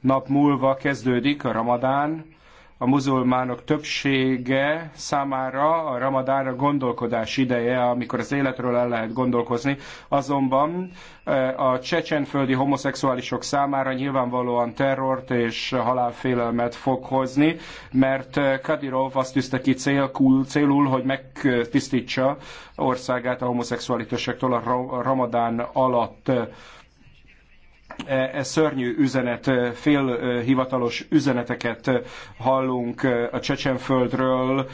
nap múlva kezdődik a ramadán, a muzulmánok többsége számára a ramadán a gondolkodás ideje, amikor az életről el lehet gondolkozni. Azonban e, a csecsenföldi homoszexuálisok számára nyilvánvalóan terrort és halálfélelmet fog hozni, mert Kadirov azt tűzte ki célkul, célul, hogy megtisztítsa országát a homoszexualitásoktól a ramadán alatt. E, e szörnyű üzenet, e, félhivatalos e, üzeneteket hallunk a Csecsenföldről,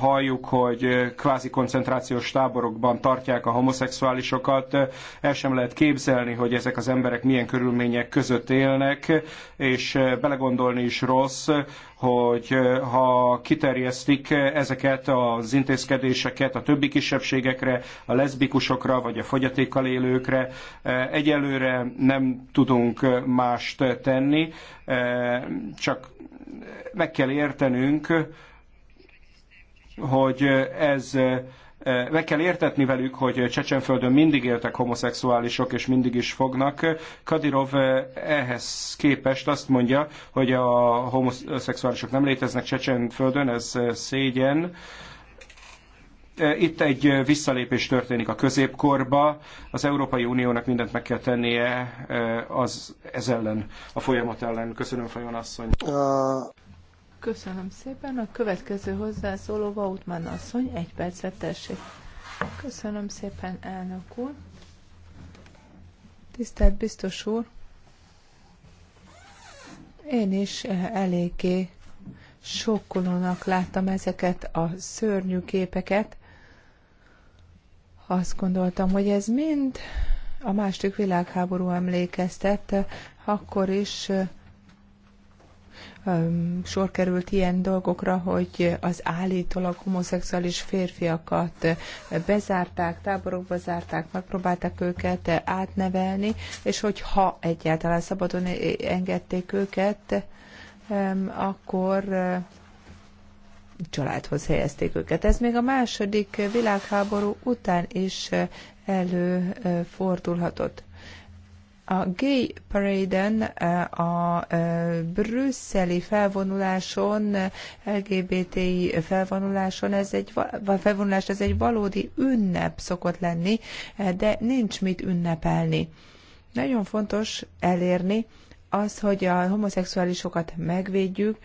halljuk, hogy kvázi koncentrációs táborokban tartják a homoszexuálisokat. El sem lehet képzelni, hogy ezek az emberek milyen körülmények között élnek, és belegondolni is rossz, hogy ha kiterjesztik ezeket az intézkedéseket a többi kisebbségekre, a leszbikusokra vagy a fogyatékkal élőkre, egyelőre nem tudunk eh, mást eh, tenni, eh, csak meg kell értenünk, hogy ez meg kell értetni velük, hogy Csecsenföldön mindig éltek homoszexuálisok, és mindig is fognak. Kadirov ehhez képest azt mondja, hogy a homoszexuálisok nem léteznek Csecsenföldön, ez szégyen. Itt egy visszalépés történik a középkorba. Az Európai Uniónak mindent meg kell tennie eh, az, ez ellen, a folyamat ellen. Köszönöm, Fajon asszony. Köszönöm szépen. A következő hozzászóló Vautman asszony, egy percet tessék. Köszönöm szépen, elnök úr. Tisztelt biztos úr, én is eh, eléggé sokkolónak láttam ezeket a szörnyű képeket, azt gondoltam, hogy ez mind a második világháború emlékeztet, akkor is sor került ilyen dolgokra, hogy az állítólag homoszexuális férfiakat bezárták, táborokba zárták, megpróbálták őket átnevelni, és hogyha egyáltalán szabadon engedték őket, akkor családhoz helyezték őket. Ez még a második világháború után is előfordulhatott. A Gay parade a brüsszeli felvonuláson, LGBTI felvonuláson, ez egy, felvonulás ez egy valódi ünnep szokott lenni, de nincs mit ünnepelni. Nagyon fontos elérni az, hogy a homoszexuálisokat megvédjük,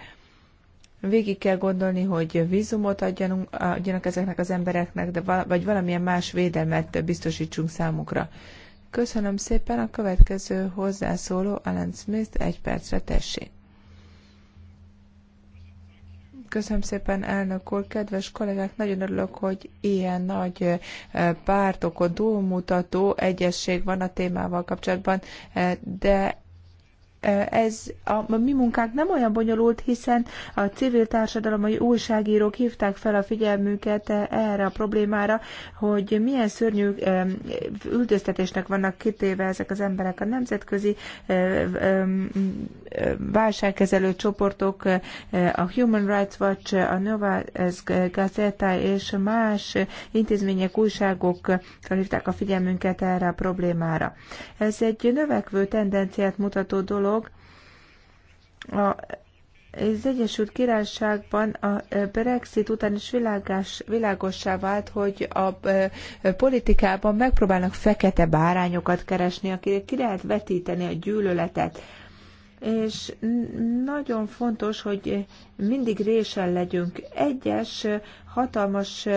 Végig kell gondolni, hogy vízumot adjanunk, adjanak ezeknek az embereknek, de val- vagy valamilyen más védelmet biztosítsunk számukra. Köszönöm szépen a következő hozzászóló, Alan Smith, egy percre tessék. Köszönöm szépen, elnök úr, kedves kollégák, nagyon örülök, hogy ilyen nagy pártokon túlmutató egyesség van a témával kapcsolatban, de ez a, a mi munkánk nem olyan bonyolult, hiszen a civil társadalom, újságírók hívták fel a figyelmünket erre a problémára, hogy milyen szörnyű üldöztetésnek vannak kitéve ezek az emberek a nemzetközi válságkezelő csoportok, eh, a Human Rights Watch, a Nova Gazeta és más intézmények, újságok felhívták a figyelmünket erre a problémára. Ez egy növekvő tendenciát mutató dolog, a, az Egyesült Királyságban a Brexit után is világás, világossá vált, hogy a politikában megpróbálnak fekete bárányokat keresni, akik ki lehet vetíteni a gyűlöletet. És nagyon fontos, hogy mindig résen legyünk. Egyes hatalmas,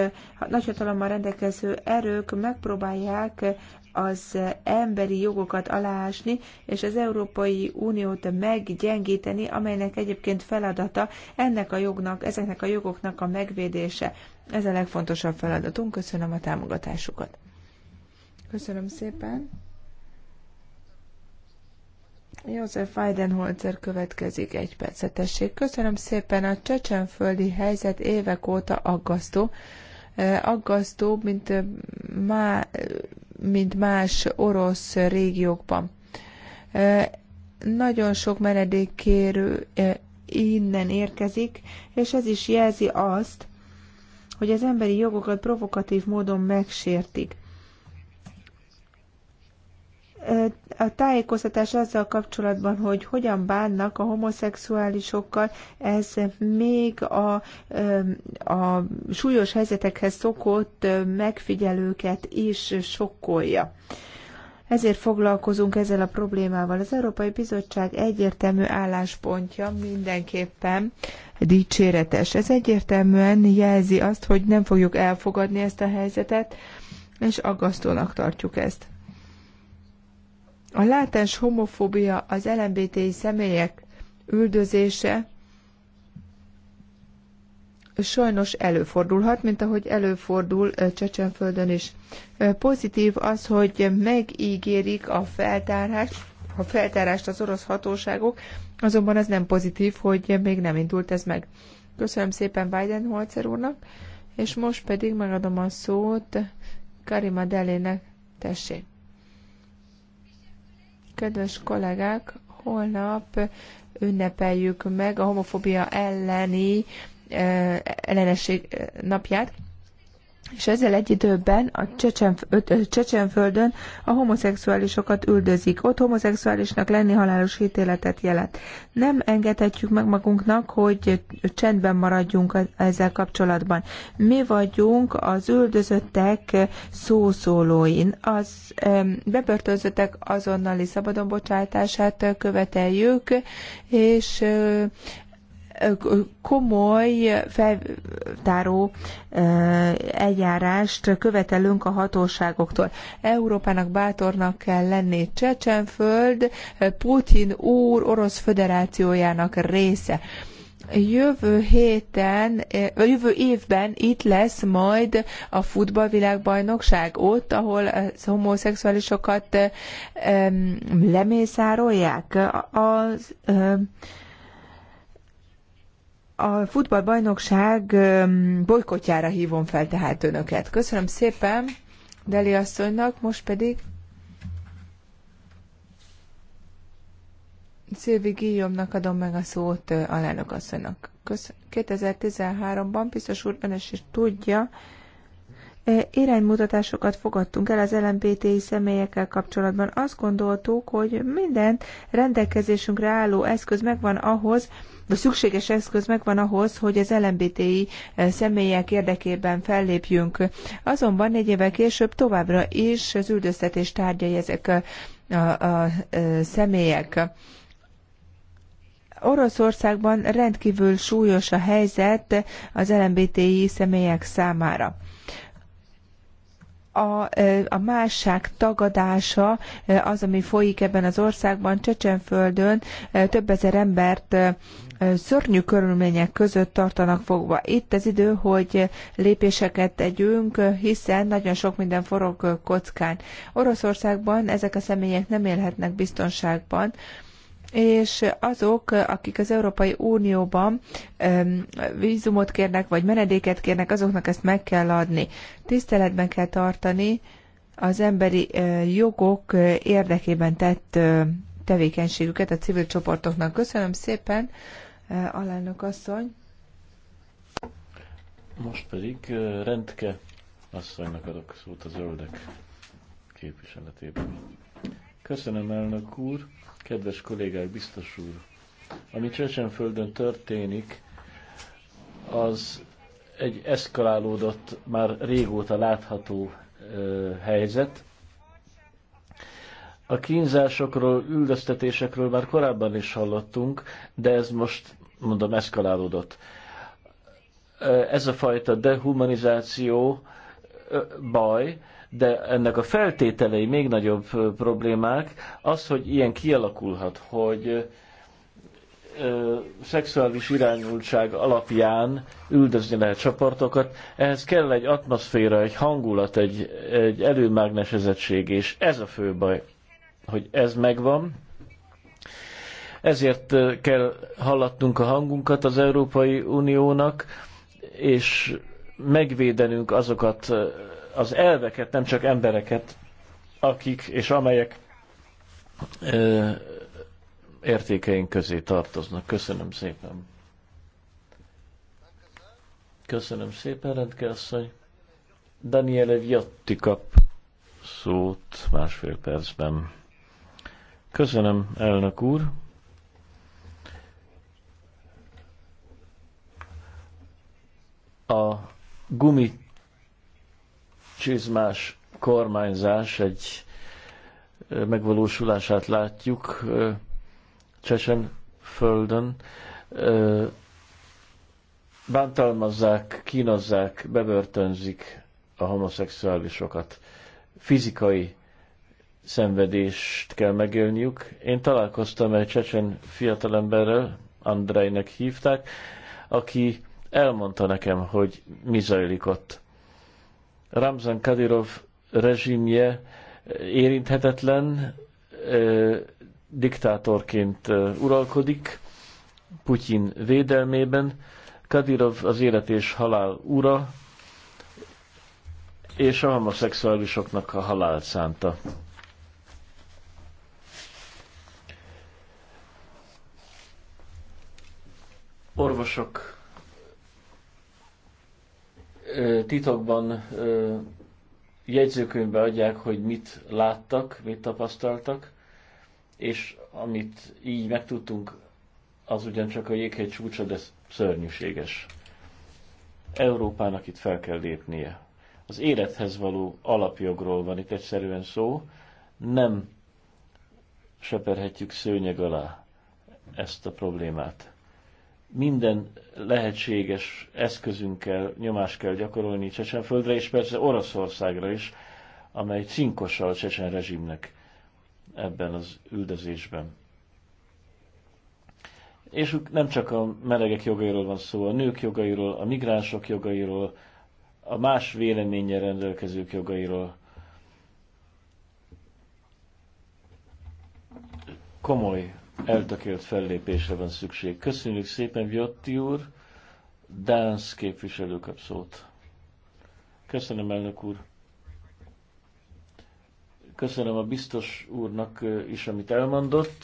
nagyhatalommal rendelkező erők megpróbálják az emberi jogokat aláásni, és az Európai Uniót meggyengíteni, amelynek egyébként feladata ennek a jognak, ezeknek a jogoknak a megvédése. Ez a legfontosabb feladatunk. Köszönöm a támogatásukat. Köszönöm szépen. József Weidenholzer következik egy percet, tessék. Köszönöm szépen. A csecsenföldi helyzet évek óta aggasztó. Aggasztó, mint már mint más orosz régiókban. Nagyon sok menedékkérő innen érkezik, és ez is jelzi azt, hogy az emberi jogokat provokatív módon megsértik a tájékoztatás azzal kapcsolatban, hogy hogyan bánnak a homoszexuálisokkal, ez még a, a súlyos helyzetekhez szokott megfigyelőket is sokkolja. Ezért foglalkozunk ezzel a problémával. Az Európai Bizottság egyértelmű álláspontja mindenképpen dicséretes. Ez egyértelműen jelzi azt, hogy nem fogjuk elfogadni ezt a helyzetet, és aggasztónak tartjuk ezt. A látens homofóbia, az LMBTI személyek üldözése sajnos előfordulhat, mint ahogy előfordul Csecsenföldön is. Pozitív az, hogy megígérik a feltárást, a feltárást az orosz hatóságok, azonban az nem pozitív, hogy még nem indult ez meg. Köszönöm szépen Weidenholzer úrnak, és most pedig megadom a szót Karima Delének. Tessék! Kedves kollégák, holnap ünnepeljük meg a homofóbia elleni eh, ellenesség eh, napját és ezzel egy időben a Csecsenföldön a homoszexuálisokat üldözik. Ott homoszexuálisnak lenni halálos ítéletet jelent. Nem engedhetjük meg magunknak, hogy csendben maradjunk ezzel kapcsolatban. Mi vagyunk az üldözöttek szószólóin. Az bebörtözöttek azonnali szabadonbocsátását követeljük, és komoly feltáró eljárást követelünk a hatóságoktól. Európának bátornak kell lenni Csecsenföld, Putin úr Orosz Föderációjának része. Jövő héten, jövő évben itt lesz majd a futballvilágbajnokság, ott, ahol a homoszexuálisokat lemészárolják. Az, a futballbajnokság bolykotjára hívom fel tehát önöket. Köszönöm szépen Deli asszonynak, most pedig Szilvi Guillaume-nak adom meg a szót alelnök asszonynak. 2013-ban biztos úr ön is tudja, iránymutatásokat fogadtunk el az LMBTI személyekkel kapcsolatban. Azt gondoltuk, hogy minden rendelkezésünkre álló eszköz megvan ahhoz, a szükséges eszköz megvan ahhoz, hogy az LMBTI eh, személyek érdekében fellépjünk. Azonban négy évvel később továbbra is az üldöztetés tárgyai ezek a, a, a eh, személyek. Oroszországban rendkívül súlyos a helyzet az LMBTI személyek számára a, eh, a másság tagadása az, ami folyik ebben az országban, Csecsenföldön több ezer embert szörnyű körülmények között tartanak fogva. Itt az idő, hogy lépéseket tegyünk, hiszen nagyon sok minden forog kockán. Oroszországban ezek a személyek nem élhetnek biztonságban, és azok, akik az Európai Unióban vízumot kérnek, vagy menedéket kérnek, azoknak ezt meg kell adni. Tiszteletben kell tartani az emberi jogok érdekében tett tevékenységüket a civil csoportoknak. Köszönöm szépen! alelnök asszony. Most pedig Rendke asszonynak adok szót a zöldek képviseletében. Köszönöm, elnök úr, kedves kollégák, biztos úr. Ami Csecsenföldön történik, az egy eszkalálódott, már régóta látható ö, helyzet. A kínzásokról, üldöztetésekről már korábban is hallottunk, de ez most, mondom, eszkalálódott. Ez a fajta dehumanizáció baj, de ennek a feltételei még nagyobb problémák. Az, hogy ilyen kialakulhat, hogy szexuális irányultság alapján üldözni lehet csoportokat, ehhez kell egy atmoszféra, egy hangulat, egy, egy előmágnesezettség, és ez a fő baj hogy ez megvan. Ezért kell hallatnunk a hangunkat az Európai Uniónak, és megvédenünk azokat az elveket, nem csak embereket, akik és amelyek ö, értékeink közé tartoznak. Köszönöm szépen. Köszönöm szépen, asszony. Daniele Viotti kap szót másfél percben. Köszönöm, elnök úr. A gumicsizmás kormányzás egy megvalósulását látjuk földön. Bántalmazzák, kínozzák, bebörtönzik a homoszexuálisokat. Fizikai szenvedést kell megélniük. Én találkoztam egy csecsen fiatalemberrel, Andrejnek hívták, aki elmondta nekem, hogy mi zajlik ott. Ramzan Kadirov rezsimje érinthetetlen, diktátorként uralkodik, Putyin védelmében. Kadirov az élet és halál ura, és a homoszexuálisoknak a halált szánta. orvosok titokban jegyzőkönyvbe adják, hogy mit láttak, mit tapasztaltak, és amit így megtudtunk, az ugyancsak a jéghegy csúcsa, de szörnyűséges. Európának itt fel kell lépnie. Az élethez való alapjogról van itt egyszerűen szó, nem seperhetjük szőnyeg alá ezt a problémát minden lehetséges eszközünkkel nyomást kell gyakorolni Csecsenföldre, és persze Oroszországra is, amely cinkossal a Csecsen rezsimnek ebben az üldözésben. És nem csak a melegek jogairól van szó, a nők jogairól, a migránsok jogairól, a más véleménnyel rendelkezők jogairól. Komoly eltökélt fellépésre van szükség. Köszönjük szépen, Viotti úr! Dánsz képviselő kap szót. Köszönöm, elnök úr! Köszönöm a biztos úrnak is, amit elmondott.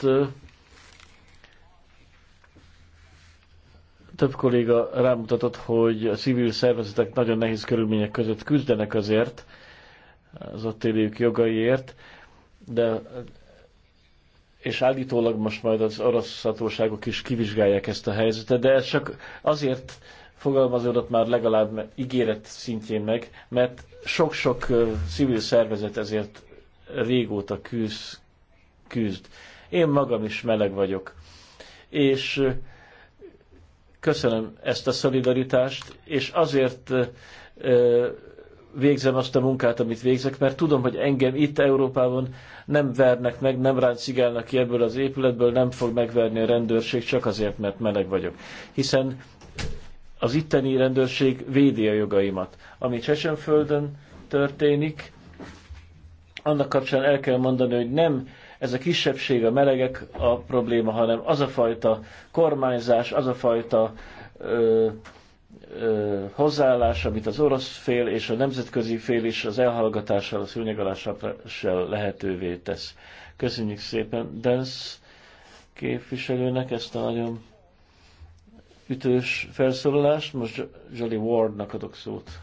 Több kolléga rámutatott, hogy a civil szervezetek nagyon nehéz körülmények között küzdenek azért, az ott élők jogaiért, de és állítólag most majd az orosz hatóságok is kivizsgálják ezt a helyzetet, de ez csak azért fogalmazódott már legalább ígéret szintjén meg, mert sok-sok civil szervezet ezért régóta küzd. küzd. Én magam is meleg vagyok. És köszönöm ezt a szolidaritást, és azért végzem azt a munkát, amit végzek, mert tudom, hogy engem itt Európában nem vernek meg, nem ráncigálnak ki ebből az épületből, nem fog megverni a rendőrség csak azért, mert meleg vagyok. Hiszen az itteni rendőrség védi a jogaimat. Ami Csecsenföldön történik, annak kapcsán el kell mondani, hogy nem ez a kisebbség, a melegek a probléma, hanem az a fajta kormányzás, az a fajta ö, hozzáállás, amit az orosz fél és a nemzetközi fél is az elhallgatással, a szűnyegalással lehetővé tesz. Köszönjük szépen Dens képviselőnek ezt a nagyon ütős felszólalást. Most Jolly Wardnak adok szót.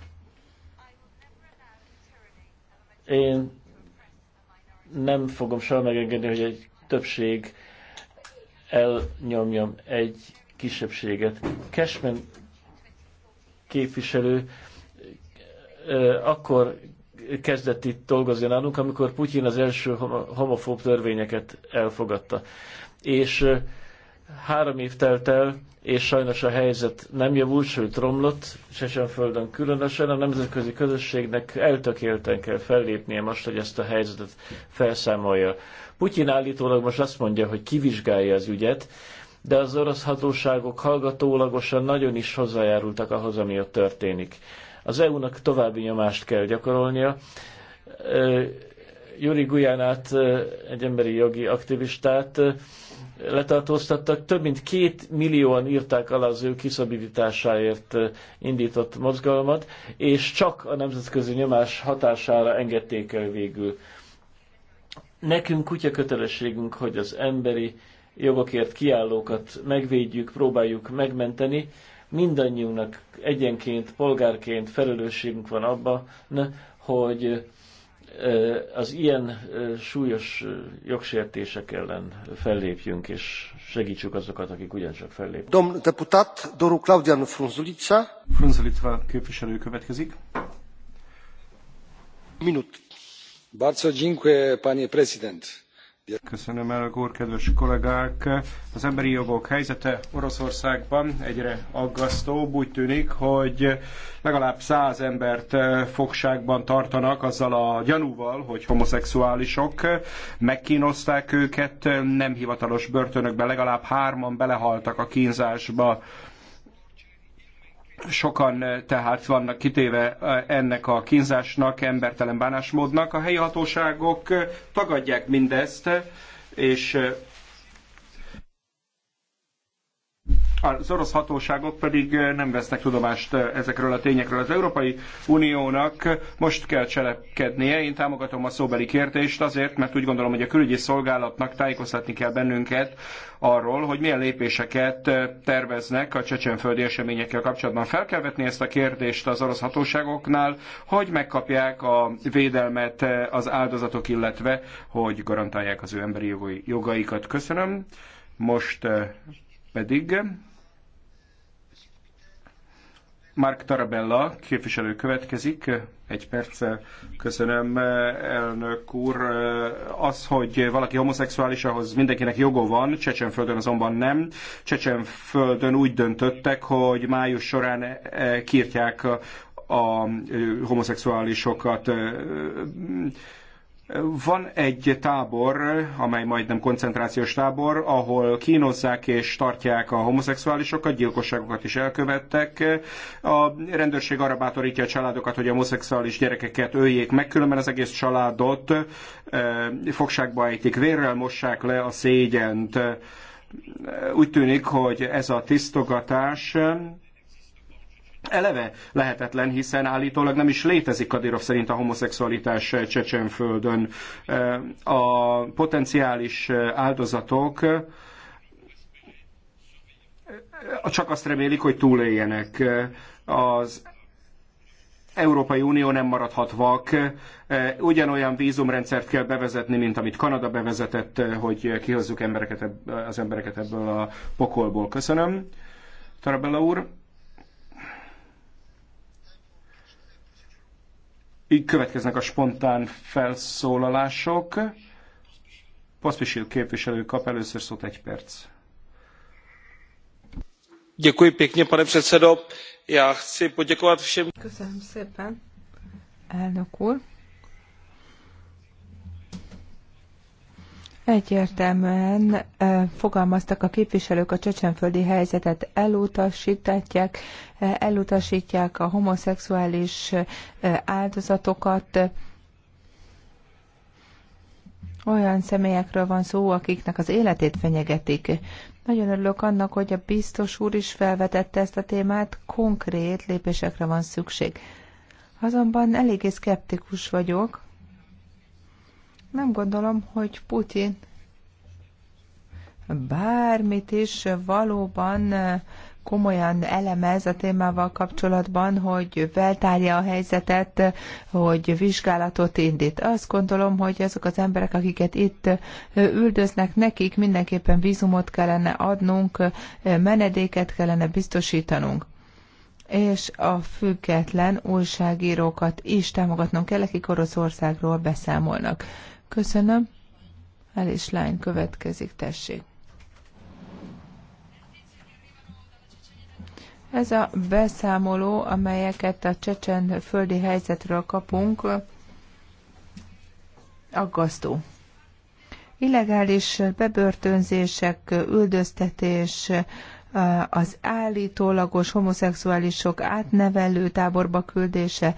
Én nem fogom soha megengedni, hogy egy többség elnyomjam egy kisebbséget. Cashman képviselő akkor kezdett itt dolgozni nálunk, amikor Putyin az első homofób törvényeket elfogadta. És három év telt el, és sajnos a helyzet nem javult, sőt romlott, földön különösen. A nemzetközi közösségnek eltökélten kell fellépnie most, hogy ezt a helyzetet felszámolja. Putyin állítólag most azt mondja, hogy kivizsgálja az ügyet, de az orosz hatóságok hallgatólagosan nagyon is hozzájárultak ahhoz, ami ott történik. Az EU-nak további nyomást kell gyakorolnia. Juri Gujánát, egy emberi jogi aktivistát letartóztattak. Több mint két millióan írták alá az ő kiszabadításáért indított mozgalmat, és csak a nemzetközi nyomás hatására engedték el végül. Nekünk kutya kötelességünk, hogy az emberi jogokért kiállókat megvédjük, próbáljuk megmenteni, mindannyiunknak egyenként, polgárként felelősségünk van abban, hogy az ilyen súlyos jogsértések ellen fellépjünk, és segítsük azokat, akik ugyancsak fellépnek. Dom deputat Doru Claudian Frunzulica. Frunzulica képviselő következik. Minut. Bardzo dziękuję, panie prezident Köszönöm, elnök úr, kedves kollégák! Az emberi jogok helyzete Oroszországban egyre aggasztóbb. Úgy tűnik, hogy legalább száz embert eh, fogságban tartanak azzal a gyanúval, hogy homoszexuálisok. Megkínozták őket, nem hivatalos börtönökben legalább hárman belehaltak a kínzásba. Sokan eh, tehát vannak kitéve eh, ennek a kínzásnak, embertelen bánásmódnak. A helyi hatóságok eh, tagadják mindezt, és az orosz hatóságok pedig eh, nem vesznek tudomást eh, ezekről a tényekről. Az Európai Uniónak most kell cselekednie. Én támogatom a szóbeli kérdést azért, mert úgy gondolom, hogy a külügyi szolgálatnak tájékoztatni kell bennünket arról, hogy milyen lépéseket eh, terveznek a csecsenföldi eseményekkel kapcsolatban. Fel kell vetni ezt a kérdést az orosz hatóságoknál, hogy megkapják a védelmet az áldozatok, illetve hogy garantálják az ő emberi jogaikat. Köszönöm. Most pedig Mark Tarabella képviselő következik. Egy perccel köszönöm, elnök úr. Az, hogy valaki homoszexuális, ahhoz mindenkinek joga van, Csecsenföldön azonban nem. Csecsenföldön úgy döntöttek, hogy május során eh, kírtják a eh, homoszexuálisokat van egy tábor, amely majdnem koncentrációs tábor, ahol kínozzák és tartják a homoszexuálisokat, gyilkosságokat is elkövettek. A rendőrség arra bátorítja a családokat, hogy a homoszexuális gyerekeket öljék meg, különben az egész családot e, fogságba ejtik, vérrel mossák le a szégyent. E, úgy tűnik, hogy ez a tisztogatás eleve lehetetlen, hiszen állítólag nem is létezik Kadirov szerint a homoszexualitás Csecsenföldön. Eh, a potenciális áldozatok eh, csak azt remélik, hogy túléljenek. Az Európai Unió nem maradhat vak, eh, ugyanolyan vízumrendszert kell bevezetni, mint amit Kanada bevezetett, hogy kihozzuk embereket, az embereket ebből a pokolból. Köszönöm. Tarabella úr. Így következnek a spontán felszólalások. Paszpisil képviselő kap először szót egy perc. Děkuji pěkně, pane předsedo. Já chci poděkovat všem. Köszönöm szépen, elnök úr. Egyértelműen fogalmaztak a képviselők a csecsenföldi helyzetet, elutasítják, elutasítják a homoszexuális áldozatokat, olyan személyekről van szó, akiknek az életét fenyegetik. Nagyon örülök annak, hogy a biztos úr is felvetette ezt a témát, konkrét lépésekre van szükség. Azonban eléggé szkeptikus vagyok, nem gondolom, hogy Putin bármit is valóban komolyan elemez a témával kapcsolatban, hogy feltárja a helyzetet, hogy vizsgálatot indít. Azt gondolom, hogy azok az emberek, akiket itt üldöznek, nekik mindenképpen vízumot kellene adnunk, menedéket kellene biztosítanunk és a független újságírókat is támogatnunk kell, akik Oroszországról beszámolnak. Köszönöm. Elis lány következik, tessék. Ez a beszámoló, amelyeket a csecsen földi helyzetről kapunk, aggasztó. Illegális bebörtönzések, üldöztetés, az állítólagos homoszexuálisok átnevelő táborba küldése,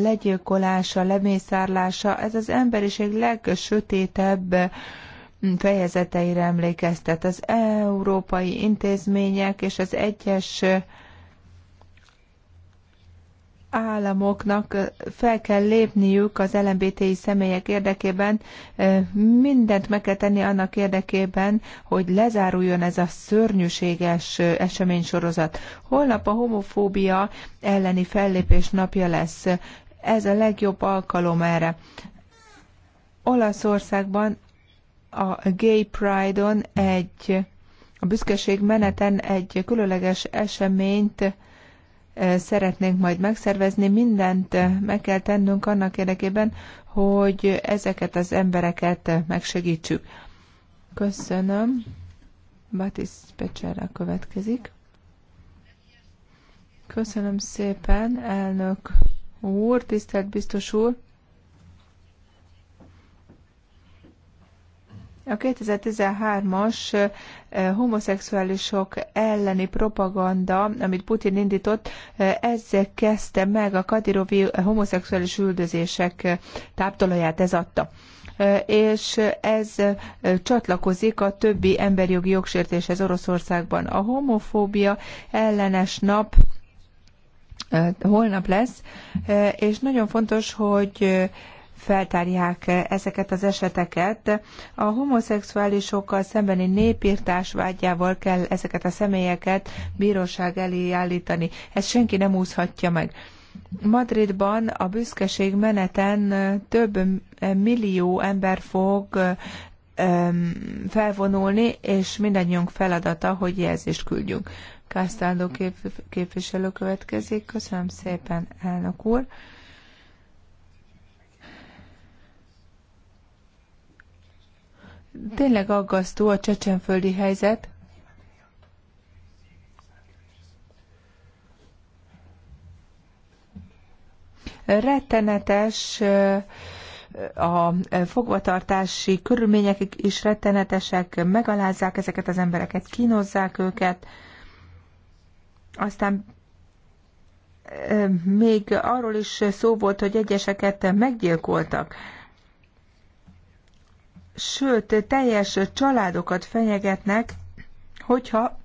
legyilkolása, lemészárlása, ez az emberiség legsötétebb fejezeteire emlékeztet. Az európai intézmények és az egyes államoknak fel kell lépniük az LMBTI személyek érdekében, mindent meg kell tenni annak érdekében, hogy lezáruljon ez a szörnyűséges eseménysorozat. Holnap a homofóbia elleni fellépés napja lesz. Ez a legjobb alkalom erre. Olaszországban a Gay Pride-on egy a büszkeség meneten egy különleges eseményt szeretnénk majd megszervezni. Mindent meg kell tennünk annak érdekében, hogy ezeket az embereket megsegítsük. Köszönöm. Batis Pecserre következik. Köszönöm szépen, elnök úr, tisztelt biztos úr. A 2013-as eh, homoszexuálisok elleni propaganda, amit Putin indított, eh, ez kezdte meg a kadirovi eh, homoszexuális üldözések táptalaját, ez adta és ez csatlakozik a többi emberjogi jogsértéshez Oroszországban. A homofóbia ellenes nap holnap lesz, és nagyon fontos, hogy feltárják ezeket az eseteket. A homoszexuálisokkal szembeni népírtás vágyával kell ezeket a személyeket bíróság elé állítani. Ezt senki nem úszhatja meg. Madridban a büszkeség meneten több millió ember fog felvonulni, és mindannyiunk feladata, hogy jelzést küldjünk. Kásztáldó kép, képviselő következik. Köszönöm szépen, elnök úr. Tényleg aggasztó a csecsenföldi helyzet. Rettenetes a fogvatartási körülmények is rettenetesek, megalázzák ezeket az embereket, kínozzák őket. Aztán még arról is szó volt, hogy egyeseket meggyilkoltak sőt, teljes családokat fenyegetnek, hogyha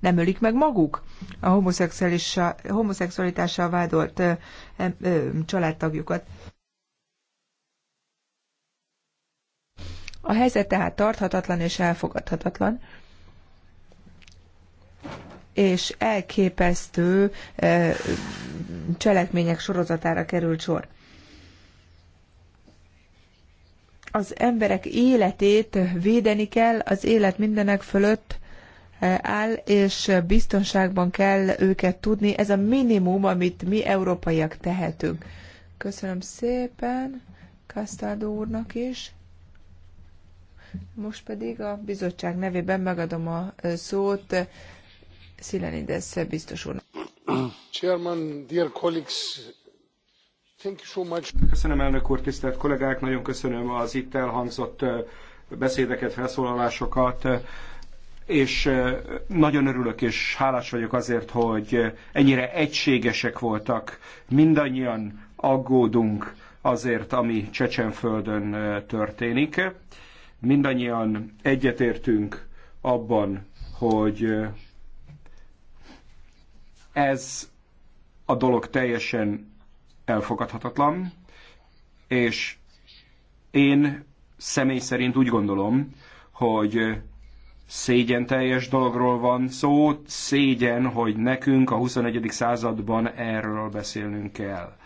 nem ölik meg maguk a homoszexualitással vádolt ö, ö, családtagjukat. A helyzet tehát tarthatatlan és elfogadhatatlan, és elképesztő ö, cselekmények sorozatára került sor. az emberek életét védeni kell, az élet mindenek fölött eh, áll, és biztonságban kell őket tudni. Ez a minimum, amit mi európaiak tehetünk. Köszönöm szépen Kasztáldó úrnak is. Most pedig a bizottság nevében megadom a eh, szót eh, Szilenides biztos úrnak. Chairman, dear colleagues, Köszönöm, elnök úr, tisztelt kollégák, nagyon köszönöm az itt elhangzott beszédeket, felszólalásokat, és nagyon örülök és hálás vagyok azért, hogy ennyire egységesek voltak. Mindannyian aggódunk azért, ami Csecsenföldön történik. Mindannyian egyetértünk abban, hogy ez a dolog teljesen elfogadhatatlan, és én személy szerint úgy gondolom, hogy szégyen teljes dologról van szó, szégyen, hogy nekünk a 21. században erről beszélnünk kell.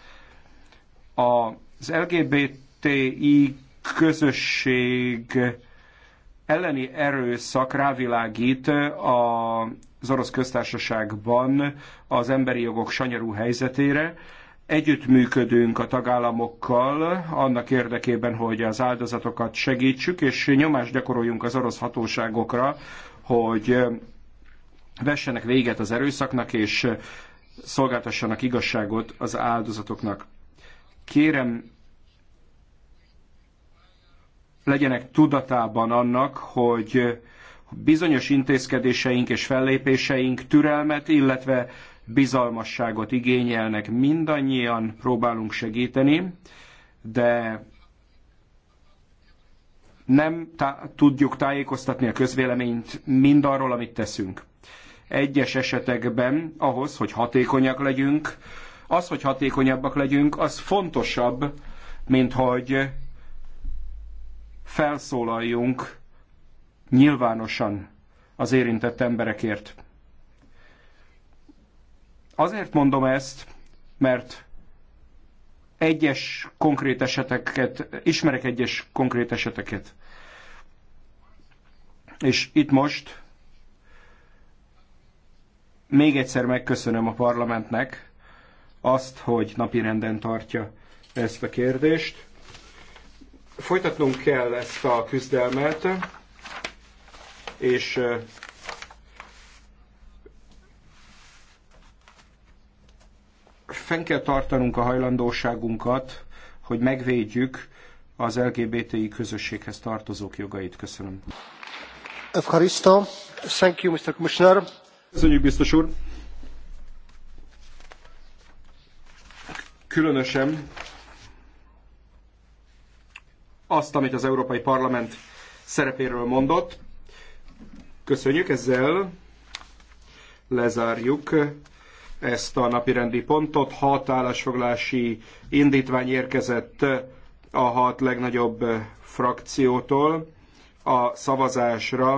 Az LGBTI közösség elleni erőszak rávilágít az orosz köztársaságban az emberi jogok sanyarú helyzetére, együttműködünk a tagállamokkal annak érdekében, hogy az áldozatokat segítsük, és nyomást gyakoroljunk az orosz hatóságokra, hogy vessenek véget az erőszaknak, és szolgáltassanak igazságot az áldozatoknak. Kérem, legyenek tudatában annak, hogy bizonyos intézkedéseink és fellépéseink türelmet, illetve bizalmasságot igényelnek. Mindannyian próbálunk segíteni, de nem tá tudjuk tájékoztatni a közvéleményt mindarról, amit teszünk. Egyes esetekben ahhoz, hogy hatékonyak legyünk, az, hogy hatékonyabbak legyünk, az fontosabb, mint hogy felszólaljunk nyilvánosan az érintett emberekért. Azért mondom ezt, mert egyes konkrét eseteket, ismerek egyes konkrét eseteket. És itt most még egyszer megköszönöm a parlamentnek azt, hogy napirenden tartja ezt a kérdést. Folytatnunk kell ezt a küzdelmet, és fenn kell tartanunk a hajlandóságunkat, hogy megvédjük az LGBTI közösséghez tartozók jogait. Köszönöm. Evharisto. Thank you, Mr. Commissioner. Köszönjük, biztos úr. Különösen azt, amit az Európai Parlament szerepéről mondott. Köszönjük ezzel. Lezárjuk ezt a napirendi pontot. Hat állásfoglási indítvány érkezett a hat legnagyobb frakciótól a szavazásra.